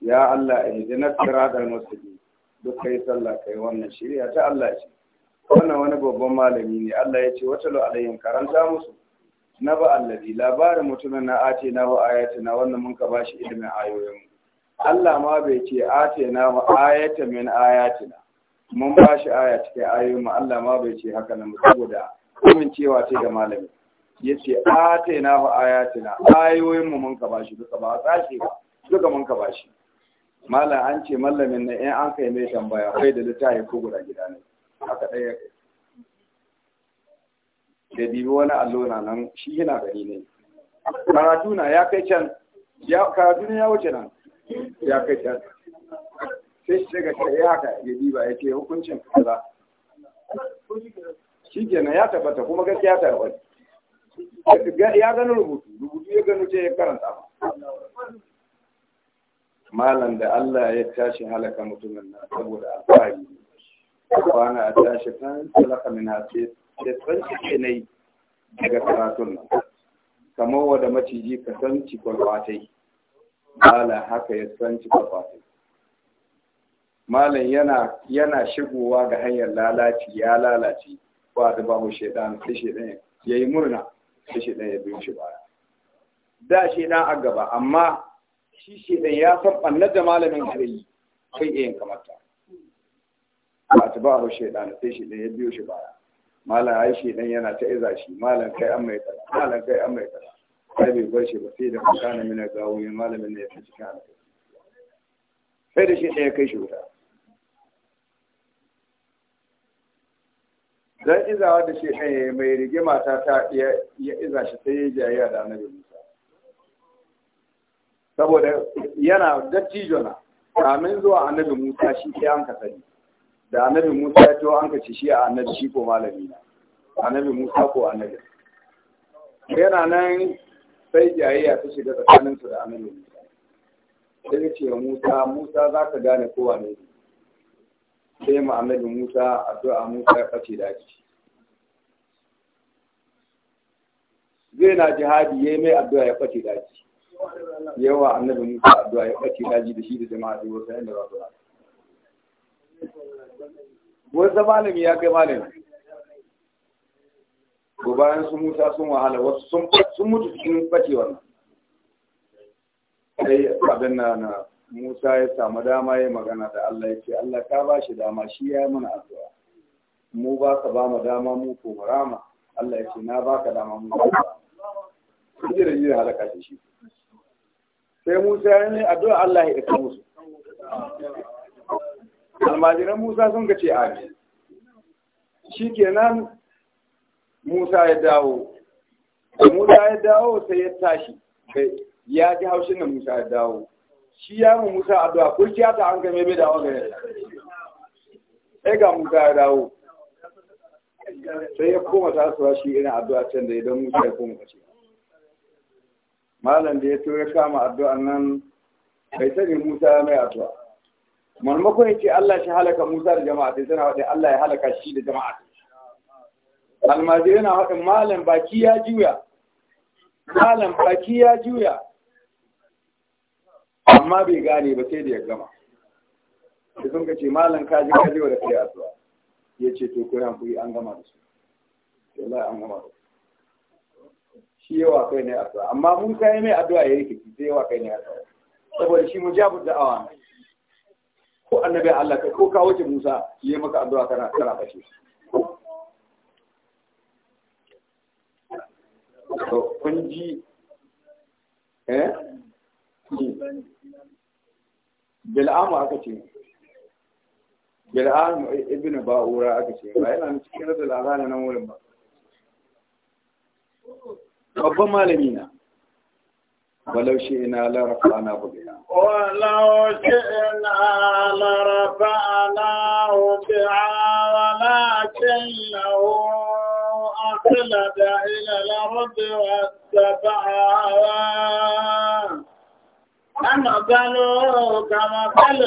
ya Allah ihdinas da musulmi duk kai sallah kai wannan shirya ta Allah ce wannan wani babban malami ne Allah ya ce wata alayhim karanta musu na ba allazi labarin mutumin na ate na ba ayata na wannan mun ka bashi ilimin ayoyin Allah ma bai ce ate na ba ayata min ayatina mun bashi aya cikin ayoyin mu Allah ma bai ce haka nan saboda kumin cewa ce ga malami yace ate na ba ayatina ayoyin mu mun ka bashi duka ba tsashi ba duka mun ka bashi malam an ce mallamin na in an kai mai tambaya kai da littafi ko guda gida ne haka ɗaya da dibi wani allo na nan shi yana gani ne karatu na ya kai can karatu ne ya wuce nan ya kai can sai shi daga shi ya haka ya ba ya ce hukuncin kaza shi kenan ya tabbata kuma gaskiya ta tabbata ya gano rubutu rubutu ya gano ce ya karanta malam da Allah ya tashi halaka mutumin nan saboda alfahari kwana a tashi kan tsalaka min hafi da tsanci nai daga karatun nan kamo wadda maciji ka tsanci kwalwatai la haka ya tsanci kwalwatai malam yana yana shigowa ga hanyar lalaci ya lalaci ba da ba mu shaidan sai shaidan ya yi murna sai shaidan ya biyo shi baya da shaidan a gaba amma shi shaidan ya san ɓannar da malamin kare yi kai iya kamata? a ta ba a shaidan sai shaidan ya biyo shi baya malam ai shaidan yana ta iza shi malam kai an mai tsara malam kai an mai tsara sai bai bar shi ba sai da kana mina gawo mai malamin ne ya fi cikin alƙairi sai da shi shaidan ya kai shi wuta dan izawa da shi ya mai rige mata ta ya iza shi sai ya jayya da annabi Musa saboda yana dattijona kamin zuwa annabi Musa shi sai an ka sani da annabi Musa ya to an kace shi a annabi shi ko malami na annabi Musa ko annabi yana nan sai jayayya ta shiga tsakanin su da annabi Musa sai ya ce Musa Musa za ka gane ko wane ne sai mu annabi Musa addu'a Musa ya kace da shi zai na jihadi yayi mai addu'a ya kace da shi yawa annabi Musa addu'a ya kace da shi da shi da jama'a da wasu yanda ba su wasu malami ya kai malami ko sun musa sun wahala wasu sun mutu cikin bacewar sai abin na na musa ya samu dama ya magana da allah ya ce allah ka ba shi dama shi ya yi mana addu'a mu ba ka ba mu dama mu ko marama allah ya ce na ba ka dama mu ko marama jira jira halaka shi sai musa ya ne addu'a allah ya isa musu almajiran musa sun ka ce amin shi kenan musa ya dawo da musa ya dawo sai ya tashi ya ji haushin da musa ya dawo shi ya mu musa addu'a ya ta an game bai dawo gare sai ga musa ya dawo sai ya koma tasowa shi ina addu'a can da idan musa ya koma kace malam da ya tura ya kama addu'an nan bai sani musa ya mai addu'a marmakon ya ce Allah shi halaka Musa da jama'a sai suna wadda Allah ya halaka shi da jama'a almajiri na haɗin malam baki ya juya malam baki ya juya amma bai gane ba sai da ya gama da sun ka ce malam kaji kaji wa da kai asuwa ya ce to kuna kuyi an gama da su wallahi an gama da su shi yawa kai ne asuwa amma mun ya mai addu'a ya rikici sai yawa kai ne asuwa saboda shi mujabu da'awa ne ko annabi Allah kai ko kawo ki Musa yayi maka addu'a kana kana bashi to kun ji eh bil'amu aka ce bil'amu ibnu ba'ura aka ce ba yana cikin rasul azana nan wurin ba babban malami na ولو شئنا لرفعنا بها ولو شئنا لرفعناه بها ولكنه أخلد إلى الأرض واتبع هواه مثلوا كمثل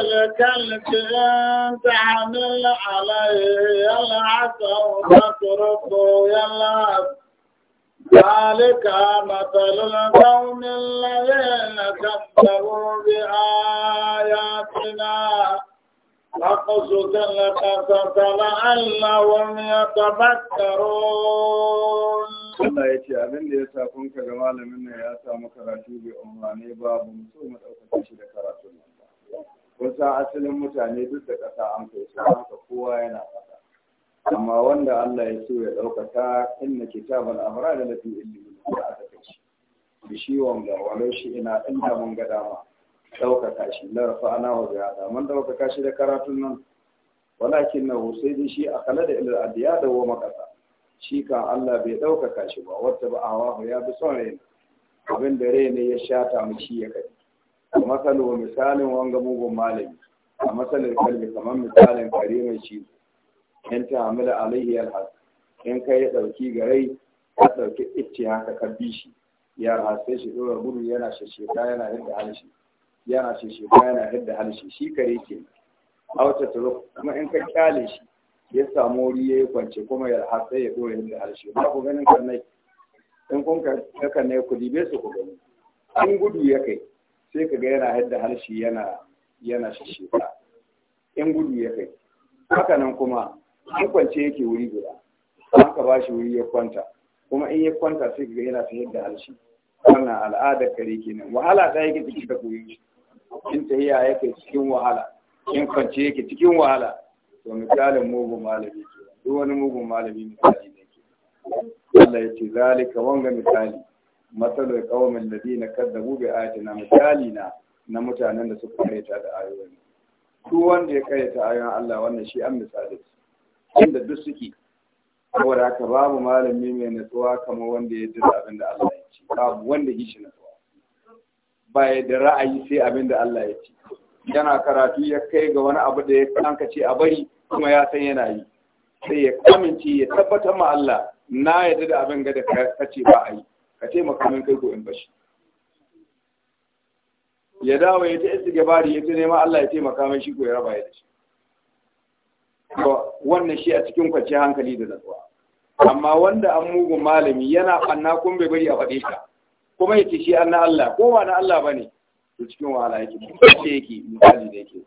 الكلب إن تحمل عليه يلعث أو تتركه يلعث ذلك مثل القوم الذين كذبوا بآياتنا فاقصد القصص لعلهم يتفكرون Allah ya ce abin da ya sa ga malamin nan ya samu karatu bai umarni babu mutum mu ɗaukar shi da karatun nan ba. Kun san asalin mutane duk da ƙasa an kai su kowa yana ƙasa. amma wanda Allah ya so ya ɗaukaka inna kitabal abrar da fi ilmi da aka kace bi shi wanda walau shi ina inda mun ga dama ɗaukaka shi la ana wa bi'ada mun ɗaukaka shi da karatun nan walakin na sai dai shi a kala da ilal adiya da wa makasa shi kan Allah bai ɗaukaka shi ba wata ba awa ya bi son rai abin da rai ne ya shata mu shi ya kai masalu misalin wanga mugun malami a masalin kalbi kamar misalin kare mai cizo in ta hamila alaihi alhas in kai ya dauki garai ka dauki icce haka ka bi shi ya alhasai shi ɗora gudu yana shisheka yana hidda halshi yana shisheka yana hidda halshi shi kare ke auta turo kuma in ka kyale shi ya samu wuri ya yi kwance kuma ya alhasai ya dora hidda halshi ba ku ganin karnai in kun ka karnai ku dibe su ku gani in gudu ya kai sai ka ga yana hidda halshi yana yana shisheka in gudu ya kai haka nan kuma an kwance yake wuri guda an ka bashi wuri ya kwanta kuma in ya kwanta sai ga yana ta yadda halshi wannan al'adar kare kenan wahala ta yake ciki da koyi. shi in iya yake cikin wahala in kwance yake cikin wahala to misalin mugun malami ke duk wani mugun malami misali ne ke Allah ya ce zalika wanga misali matsalar na ladina kaddabu bi na misali na na mutanen da suka karyata da ayoyi duk wanda ya karyata ayoyin Allah wannan shi an misali inda duk suke saboda haka babu malami mai natsuwa kamar wanda ya ji abin da Allah ya ce babu wanda ya shi natsuwa ba ya da ra'ayi sai abin da Allah ya ce yana karatu ya kai ga wani abu da ya kanka ce a bari kuma ya san yana yi sai ya kamince ya tabbatar ma Allah na yadda da abin ga da ka ce ba a yi ka ce makamin kai ko in bashi ya dawo ya ta gabari ya ta nema Allah ya taimaka mai shi ko ya raba ya da shi wannan shi a cikin kwanci hankali da natsuwa amma wanda an mugun malami yana fanna kun bai bari a faɗe ka kuma ya shi an na Allah ko ba na Allah ba ne to cikin wahala yake ce yake misali da yake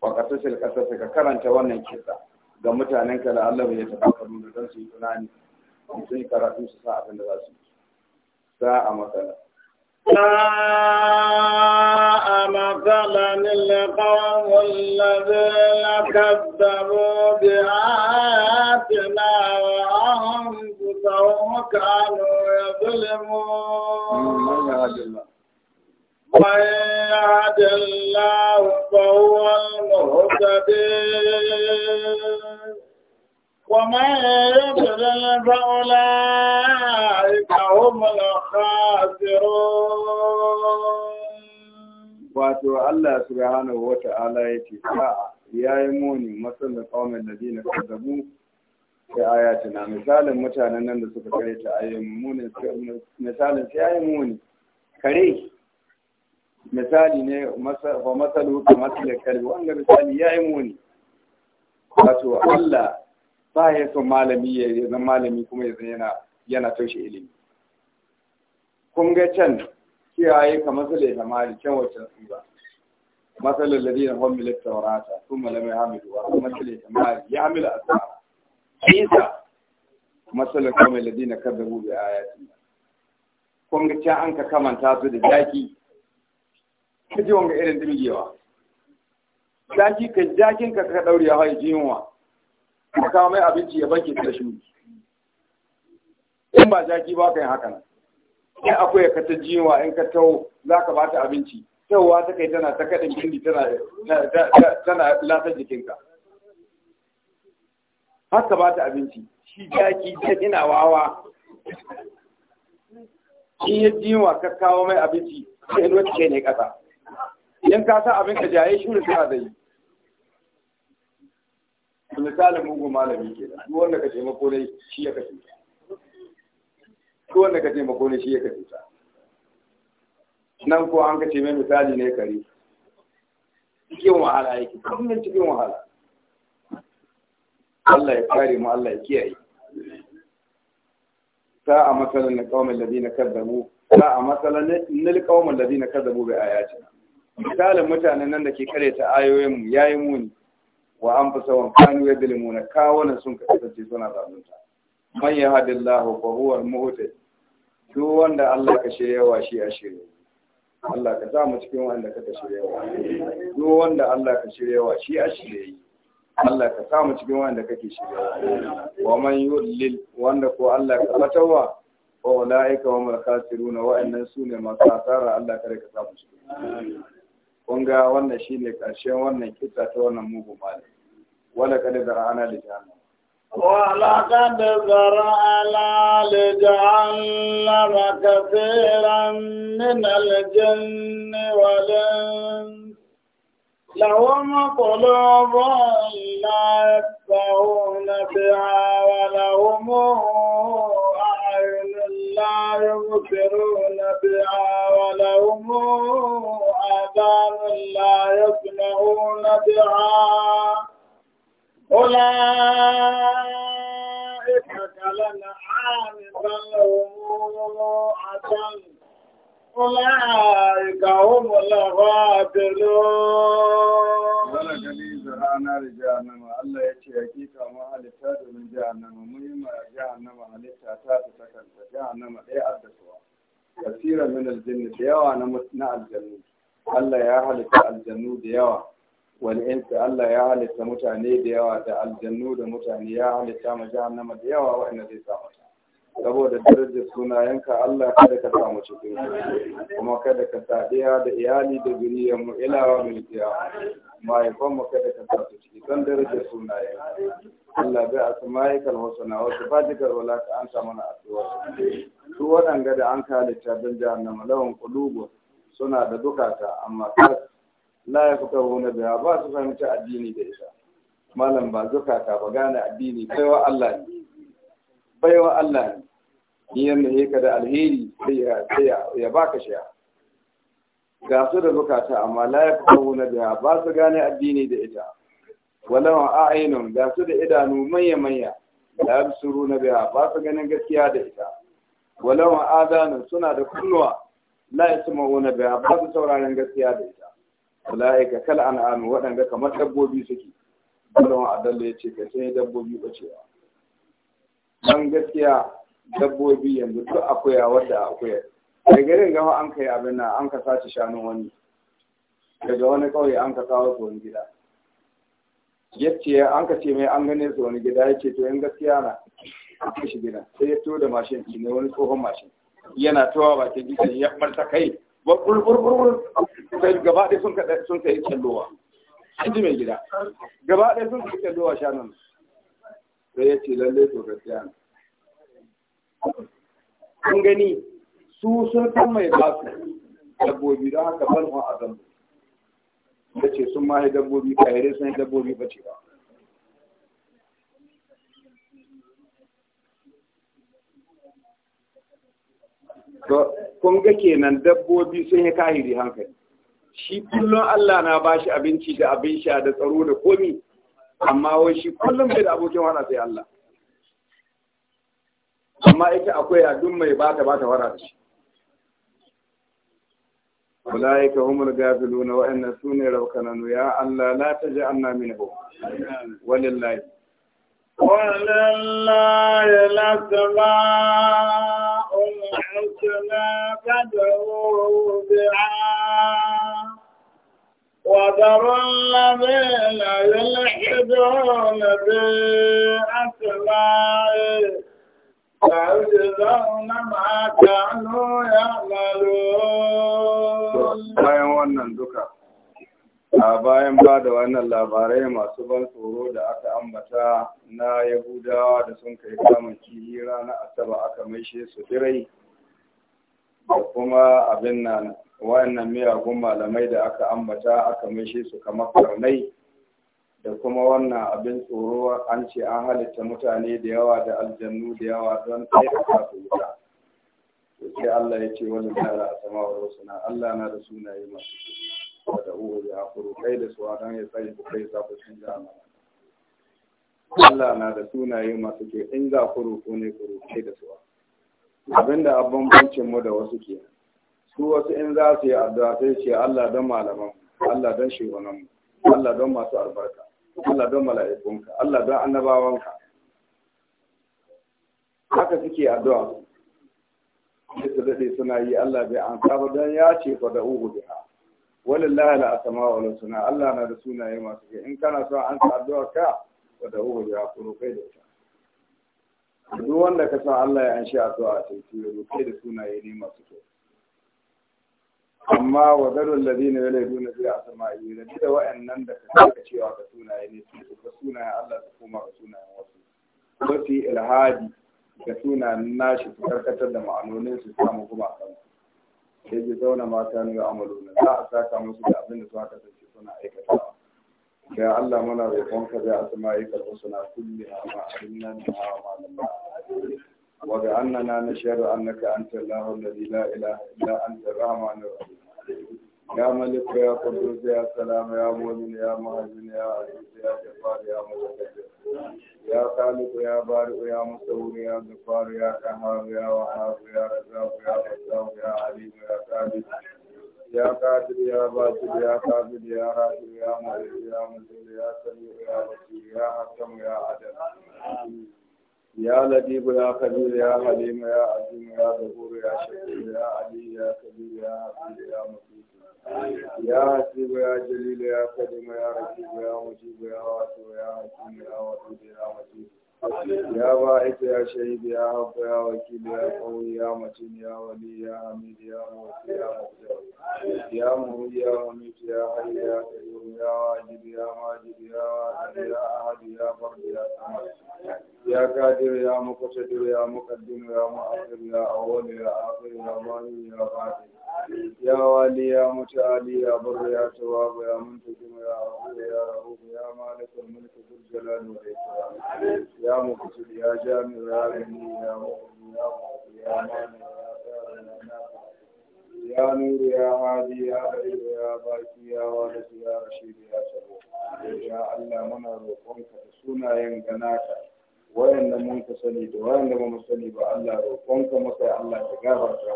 wa qatasil kasasa ka karanta wannan kisa ga mutanen ka da Allah bai taɓa karu da don su yi tunani sun karatu su sa abin da za su yi sa a matsala ساء مثلا القوم الذين كذبوا بآياتنا وأنفسهم كانوا يظلمون من يهد الله فهو المهتدي ومن يضلل فأولئك هم الخاسرون wato Allah subhanahu wata'ala ya ce sa'a ya yi muni matsalin kawai da zina kazzabu ta ayatina misalin mutanen nan da suka kare ta ayoyin munin misalin ta yayi muni kare misali ne wa matsalu ka matsalin kalbi wanda misali ya yi muni wato Allah ba ya son malami ya zan malami kuma ya yana yana taushe ilimi kun ga can kiyaye ka masalai da mali can waccan sura masalai ladina hamilat tawrata thumma lam yahmilu wa masalai da mali yahmilu asara isa Matsalar kuma ladina kadabu bi ayati kun ga can an ka kamanta su da jaki kaje wanga irin dimgewa jaki ka jakin ka ka daure ya hawo jinwa Ka kawo mai abinci ya banki da shi in ba jaki ba ka yi haka nan in akwai ya kata jiwa in ka tau za ka bata abinci tauwa ta kai tana ta kaɗin gindi tana lasar jikinka haka bata abinci shi jaki ta ina wawa in ya jiwa ka kawo mai abinci sai in wata ne ƙasa in ka sa abin ka jaye shi ne suna da yi misalin mugun malami ke da duk wanda ka taimako ne shi ya kashe ta duk wanda ka taimako ne shi ya kashe ta nan ko an kace mai misali ne kare cikin wahala yake kullum cikin wahala Allah ya kare mu Allah ya kiyaye sa'a masalan liqaumin ladina kadzabu sa'a masalan liqaumin ladina kadzabu bi ayatina misalin mutanen nan da ke ta ayoyin mu yayi muni wa an fi sawan kanu ya dilimuna kawunan sun ka kasance suna zamunta man ya hadin lahu ba huwar muhtin duk wanda Allah ka shirya wa shi a shirya, Allah ka sa mu cikin wanda ka shirya wa duk wanda Allah ka shirya wa shi a yi Allah ka sa mu cikin wanda kake shirya wa man lil wanda ko Allah ka fatawa wa ulaika wa mal khasiruna wa annan sune masu asara Allah kare ka sa mu cikin kun ga wannan shine karshen wannan kisa ta wannan mugu malam ولقد ذرأنا لجهنم ولقد ذرأنا لجهنم كثيرا من الجن والإنس لهم قلوب لا يفقهون بها ولهم أعين لا يبصرون بها ولهم آذان لا يسمعون بها Ọlá ìkàkàlà láàárín bánlẹ̀ ọmọ àtàlù. Ọlá ìkàhómọ̀ lọ́wọ́ àbẹ̀lọ́. Allah ya halitta aljannu da yawa. wal insu Allah ya halitta mutane da yawa da aljannu da mutane ya halitta ma jahannama da yawa wa'anda zai samu ta saboda darajar sunayenka Allah kada ka samu cikin kuma kada ka sadiya da iyali da duniyar mu ilawa mu tiya mahaifan mu kada ka sa su ciki don darajar sunayen Allah bai asma'ika al wasu, wa sifatika al-ula ka anta mana asuwa su waɗanga da an kalita don jahannama lawan kulubu suna da dukata amma ka. la ya kawo na biya ba su fahimci addini da ita malam ba zukata ba gane addini baiwa Allah ne baiwa Allah ne yanda ya ka da alheri sai ya baka shiya ga su da zukata amma la ya kawo na biya ba su gane addini da ita walau a ainihin ga su da idanu manya-manya da ya suru na biya ba su ganin gaskiya da ita walau a adanun suna da kunnuwa la ya suma wani biya ba su sauraron gaskiya da ita ulaika kal an'am waɗanda kamar dabbobi suke balon adalla ya ce ka sai dabbobi ba cewa. Ɗan gaskiya dabbobi yanzu duk akuya wadda akuya da garin gawa an kai abin nan an ka sace shanun wani daga wani kauye an ka kawo su wani gida yace an ka ce mai an gane su wani gida yace to yan gaskiya na a shi gida sai ya to da mashin ne wani tsohon mashin yana towa ta gidan ya barta kai ba sai gaba ɗaya sun kaɗa sun kai kyallowa an ji mai gida gaba ɗaya sun kai kyallowa shanun sai ya ce lalle to gaskiya kun gani su sun san mai ba su dabbobi don haka a azam da ce sun ma dabbobi kayarai sun dabbobi ba ce ba to kun ga kenan dabbobi sun yi kahiri hankali shi kullum Allah na ba shi abinci da abin sha da tsaro da komi amma wai shi kullum bai da abokin wara sai Allah amma ita akwai duk mai bata bata wara da shi ulaika humul gafilun wa inna sunni rabbana ya Allah la taj'alna minhum walillahi walillahi la حسنا فادعوا بها وذروا الذين يلحدون بأسمائه bayan wannan duka a bayan ba da wannan labarai masu ban tsoro da aka ambata na yahudawa da sun kai kamun kihira na asaba aka maishe su dirai da kuma abin nan wayannan miyagun malamai da aka ambata aka mishi su kamar karnai da kuma wannan abin tsoro an ce an halitta mutane da yawa da aljannu da yawa don ɗaya a kasu wuta sai Allah ya ce wani tara a sama wa suna Allah na da yi masu da uwa ya hakuru kai da suwa don ya sani kai za ku cin jama'a Allah na da yi masu ke in za ku roƙo ne ku kai da suwa abinda da bancin mu da wasu ke su wasu in za su yi addu'a sai ce Allah don malaman Allah don shugaban Allah don masu albarka Allah don mala'ikunka Allah don annabawanka haka suke addu'a sai su daɗe suna yi Allah bai an saba don ya ce fa da uhu biha walillahi la asma wa suna Allah na da sunaye masu ke in kana so an sa addu'a ka fa da uhu biha ku roƙai da ita duk wanda ka san Allah ya an shi addu'a a ki yi kai da sunaye ne masu kyau amma wa zarul ladina yaladuna bi yi da da wa'annan da ka saka cewa ka sunaye ne su ka sunaye Allah su koma ka sunayen wasu Wasu ilhadi da sunayen nashi su karkatar da ma'anonin su samu kuma a kan sai ji zauna mata ne na za a saka musu da abin da suka kasance suna aikatawa ya Allah muna roƙonka bi asma'ikal husna kulliha ma nan wa ma lam Waɗannana annana shirin annaka, Anta, na Hauwa, na Laila, na Amadu ba mana ba. Ya mallaki, ya furta, ya sala, ya murni, ya mahaifiy, ya haifi, ya tafari, ya maka Ya Salisu, ya bari, ya masar, ya tafari, ya kama, ya wahal, ya ragar, ya farsa, ya alayyu, ya salisu, ya ƙadir, ya bacci, ya kabir, ya ratu, ya mayu, ya magana, ya sanyi, ya bacci, ya harsamo, ya adana. يا لطيف يا خبير يا حليم يا عظيم يا ظهور يا شكور يا علي يا كبير يا عزيز يا مقيت يا حسيب يا جليل يا قديم يا رقيب يا مجيب يا واسع يا حكيم يا وطيب يا مجيد يا باعث يا شهيد يا رب يا وكيل يا قوي يا متين يا ولي يا حميد يا موسي يا مقدر يا مهي يا مميت يا حي يا قيوم يا واجد يا ماجد يا واحد يا احد يا فرد يا صمد يا قادر يا مقتدر يا مقدم يا مؤخر يا اول يا اخر يا ظاهر يا باطن يا ولي يا متعالي يا بر يا تواب يا منتجم يا عفو يا رؤوف يا مالك الملك ذو الجلال والاكرام يا مقتل يا جامع يا غني يا مغني يا مغني يا مانع يا يا نافع يا نور يا هادي يا غريب يا باكي يا والد يا رشيد يا سبوح يا الله منا روحك سنا ينقناك Wayan da mun ka sani da wayanda ba mu sani ba Allah ka, maka Allah ka gafarta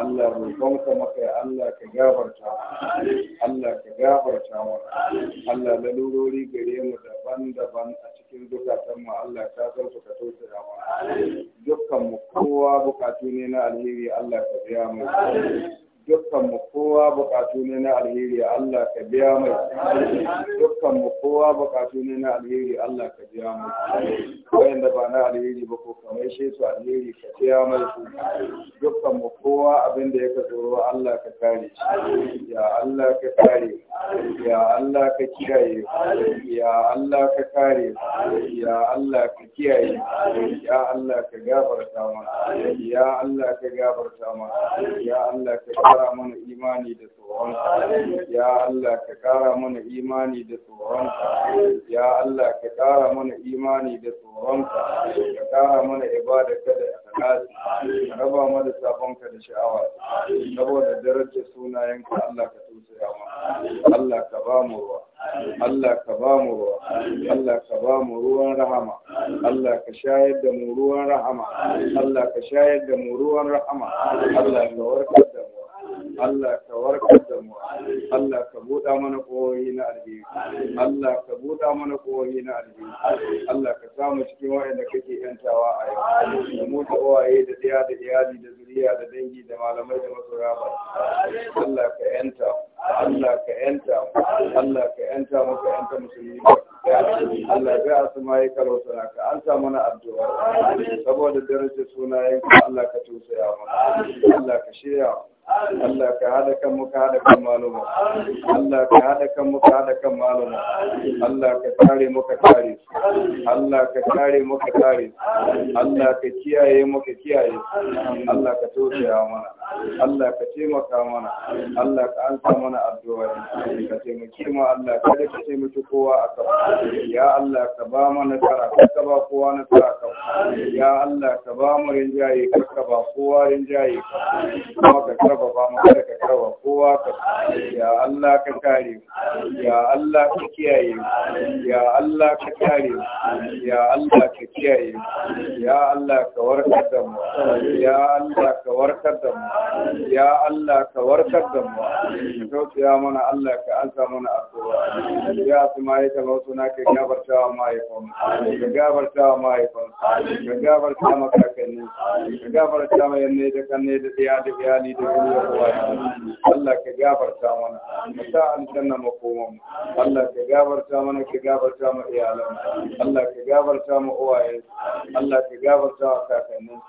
Allah ka, maka Allah ka gafarta Allah ka gafarta wa Allah lalurori gare mu daban-daban a cikin zukatan mu Allah ka san ka tausa da mu dukkan mu kowa bukatu ne na alheri Allah ka biya mu dukkan mu kowa bukatu ne na alheri Allah ka biya mai dukkan mu kowa bukatu ne na alheri Allah ka biya mai wayanda ba na alheri ba ko kamar shi su alheri ka biya mai su dukkan mu kowa abin da yake tsoro Allah ka kare ya Allah ka kare ya Allah ka kiyaye ya Allah ka kare ya Allah ka kiyaye ya Allah ka gafarta mana ya Allah ka gafarta mana ya Allah ka kara mana imani da tsoronka ya Allah ka kara mana imani da tsoronka ya Allah ka kara mana imani da tsoronka ka kara mana ibada kada ka kasi ka raba mana sabonka da sha'awa saboda darajar sunayenka Allah ka tausaya mana Allah ka ba mu ruwa Allah ka ba mu ruwa Allah ka ba mu ruwan rahama Allah ka shayar da mu ruwan rahama Allah ka shayar da mu ruwan rahama Allah ka warkar Allah ka warkar da mu Allah ka buɗa mana ƙoyi na alheri Allah ka buɗa mana ƙoyi na alheri Allah ka samu cikin waɗanda kake yantawa a yau da mu da uwaye da ɗaya da iyali da zuriya da dangi da malamai da masoya ba Allah ka yanta Allah ka yanta Allah ka yanta maka yanta musulmi Allah ya ga su mai karo sana ka an sa mana addu'a saboda darajar sunayen Allah ka tausaya mana Allah ka shirya Allah ka hada kan mu ka hada kan maluma Allah ka hada kan mu ka hada kan maluma Allah ka kare mu ka kare Allah ka kare mu ka kare Allah ka kiyaye mu ka kiyaye Allah ka tausaya mana Allah ka taimaka mana Allah ka an sa mana addu'a ka taimake mu Allah kada ka taimaki kowa a kan ya Allah ka ba mu nasara ka ba kowa nasara kan ya Allah ka ba mu rinjaye ka ba kowa rinjaye kuma ka karfafa mu kada ka kowa ka ya Allah ka kare ya Allah ka kiyaye ya Allah ka kare ya Allah ka kiyaye ya Allah ka warkar da mu ya Allah ka warkar da mu ya Allah ka warkar da mu ka tausaya mana Allah ka ansa mana addu'a ya kuma ya talautu na ka gabarta wa mahaifan ka gabarta wa mahaifan ka gabarta makakanni ka gabarta ma yanne da kanne da tsiya da iyali da Allah ka gafarta mana ka sa canna makoman Allah ka gafarta mana ka gafarta mu iyalan Allah ka gafarta mu uwaye Allah ka gafarta wa kakannin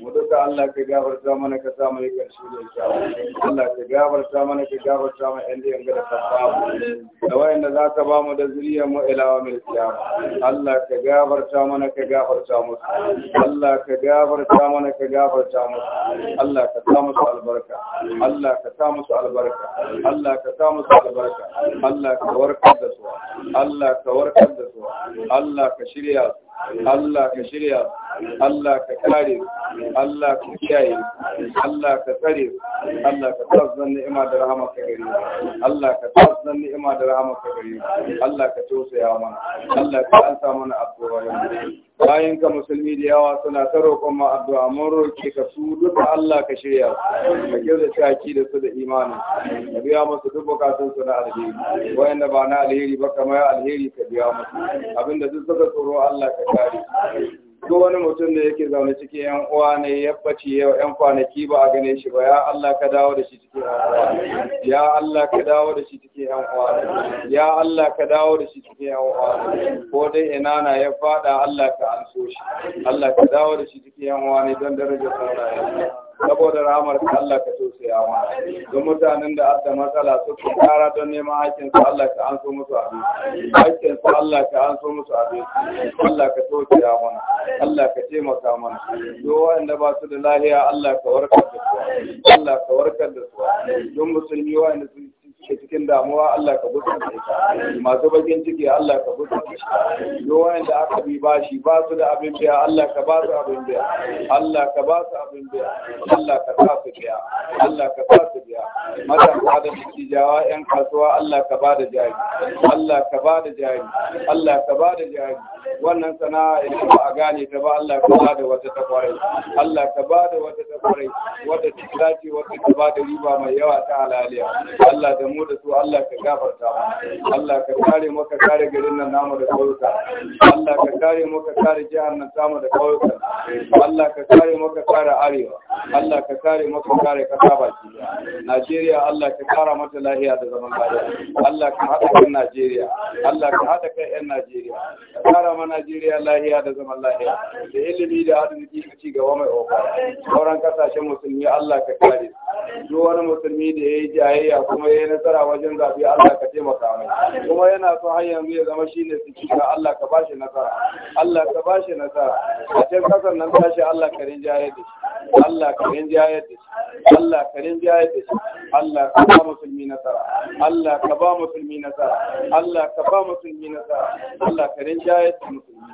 mu duka Allah ka gafarta mana ka samu yi karshe da shi Allah ka gafarta mana ka gafarta mu yan diyan da ka samu da wayanda za ka ba mu da zuriyar mu ilawa mil kiyama Allah ka gafarta mana ka gafarta mu Allah ka gafarta mana ka gafarta mu Allah ka sa mu albarka Allah ka sa musu albarka Allah ka sa musu albarka Allah ka warkar da su Allah ka warkar da su Allah ka shirya su Allah ka shirya Allah ka kare Allah ka kiyaye Allah ka tsare Allah ka tsazan ni'ima da rahama ka gare Allah ka tsazan ni'ima da rahama ka gare Allah ka tausaya mana Allah ka ansa mana addu'a bayan ka musulmi da yawa suna ta roƙon ma addu'a mun roƙe ka su duka Allah ka shirya ka kyauta shaki da su da imani ka biya musu duk bukatun su na alheri wayanda ba na alheri ba kamar alheri ka biya musu abinda duk suka tsoro Allah ka duk wani mutum da yake zaune cikin yan uwa ne ya bace yau yan kwanaki ba a gane shi ba ya Allah ka dawo da shi cikin yan uwa ya Allah ka dawo da shi cikin yan uwa ya Allah ka dawo da shi cikin yan uwa ko dai ina na ya fada Allah ka anso shi Allah ka dawo da shi cikin yan uwa ne don darajar saurayi saboda ramar ka Allah ka tausaya ma don mutanen da adda matsala su suke kara don neman hakkin su Allah ka an so musu abin hakkin su Allah ka an so musu abin Allah ka tausaya mana Allah ka ce maka mana duk wanda ba su da lahiya Allah ka warkar da su Allah ka warkar da su don musulmi wanda sun ke cikin damuwa Allah ka gudu da masu bakin ciki Allah ka gudu da shi duk wanda aka bi bashi ba su da abin biya Allah ka ba su abin biya Allah ka ba su abin biya Allah ka sa su biya Allah ka sa su biya matasa da dattijawa yan kasuwa Allah ka ba da jari Allah ka ba da jari Allah ka ba da jari wannan sana'a idan ba a gane ta ba Allah ka ba da wata ta kwarai Allah ka ba da wata ta kwarai wadda ta dace wadda ta ba da riba mai yawa ta halaliya Allah da mu da su Allah ka gafarta Allah ka kare mu ka kare garin nan namu da kauyuka Allah ka kare mu ka kare jihar nan tamu da kauyuka Allah ka kare mu ka kare arewa Allah ka kare mu ka kare kasa baki Najeriya Allah ka kara mata lahiya da zaman lafiya Allah ka haɗa kan Najeriya Allah ka haɗa kan 'yan Najeriya ka kara ma Najeriya lahiya da zaman lafiya da ilimi da arziki ka ci gaba mai ofa sauran kasashen musulmi Allah ka kare duk wani musulmi da ya yi jayayya kuma ya yi nasara wajen zaɓe Allah ka taimaka mai kuma yana so har yanzu ya zama shi ne suke ka Allah ka ba shi nasara Allah ka ba shi nasara a can kasar nan tashi Allah ka rinjaye da shi Allah ka rinjaye da shi Allah ka rinjaye da shi Allah ka ba musulmi nasara Allah ka ba musulmi nasara Allah ka ba musulmi nasara Allah ka rinjaye da musulmi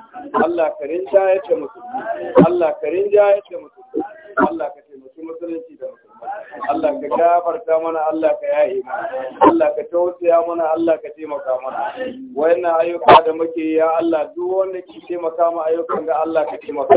Allah ka rinjaye da musulmi Allah ka rinjaye da musulmi Allah ka taimaki musulunci da musulmi Allah ka gafarta mana Allah ka yaye mana Allah ka tausaya mana Allah ka taimaka mana wayannan ayyuka da muke ya Allah duk wanda ke taimaka mu ayyukan ga Allah ka taimaka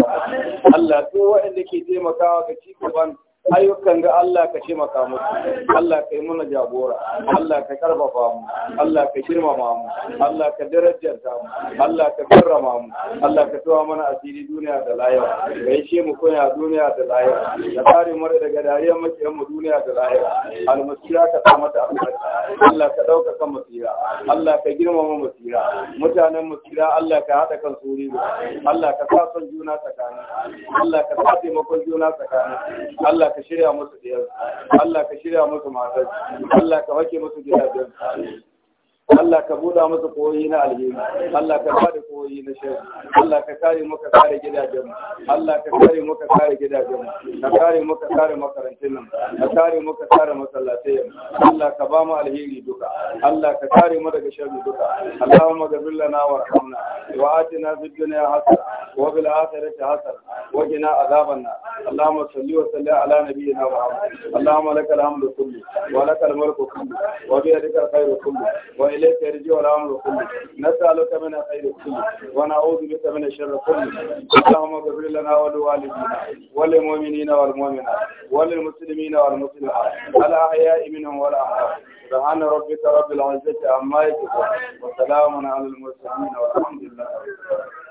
Allah duk wanda ke taimakawa ka ci gaban ayyukan ga Allah ka taimaka musu Allah ka yi mana jagora Allah ka karfafa mu Allah ka girmama mu Allah ka darajarta mu Allah ka karrama mu Allah ka tuwa mana asiri duniya da lahira ka yi mu koya duniya da lahira ka kare mu daga dariyar makiyan mu duniya da lahira almasiya ka sa mata albarka Allah ka dauka kan masira Allah ka girmama masira mutanen masira Allah ka hada kan suri Allah ka sa son juna tsakani Allah ka sa taimakon juna tsakani Allah Allah ka shirya musu diyar Allah ka shirya musu matar Allah ka wake musu gidajen Allah ka buɗa masa koyi na alheri Allah ka bada koyi na shari Allah ka kare maka kare gidajen Allah ka kare maka kare gidajen ka kare maka kare makarantun nan ka kare maka kare masallatai Allah ka ba mu alheri duka Allah ka kare mu daga sharri duka Allahumma ghfir lana warhamna wa atina fid dunya hasana wa bil akhirati hasana wa qina adhaban nar Allahumma salli wa sallim ala nabiyyina Muhammad Allahumma lakal hamdu kullu wa lakal mulku kullu wa bi yadika al-khayru kullu wa إليك يرجع الأمر كله نسألك من خير كله ونعوذ بك من الشر كله اللهم اغفر لنا ولوالدينا وللمؤمنين والمؤمنات وللمسلمين والمسلمات الأحياء منهم والأموات سبحان ربك رب العزة عما يصفون وسلام على المرسلين والحمد لله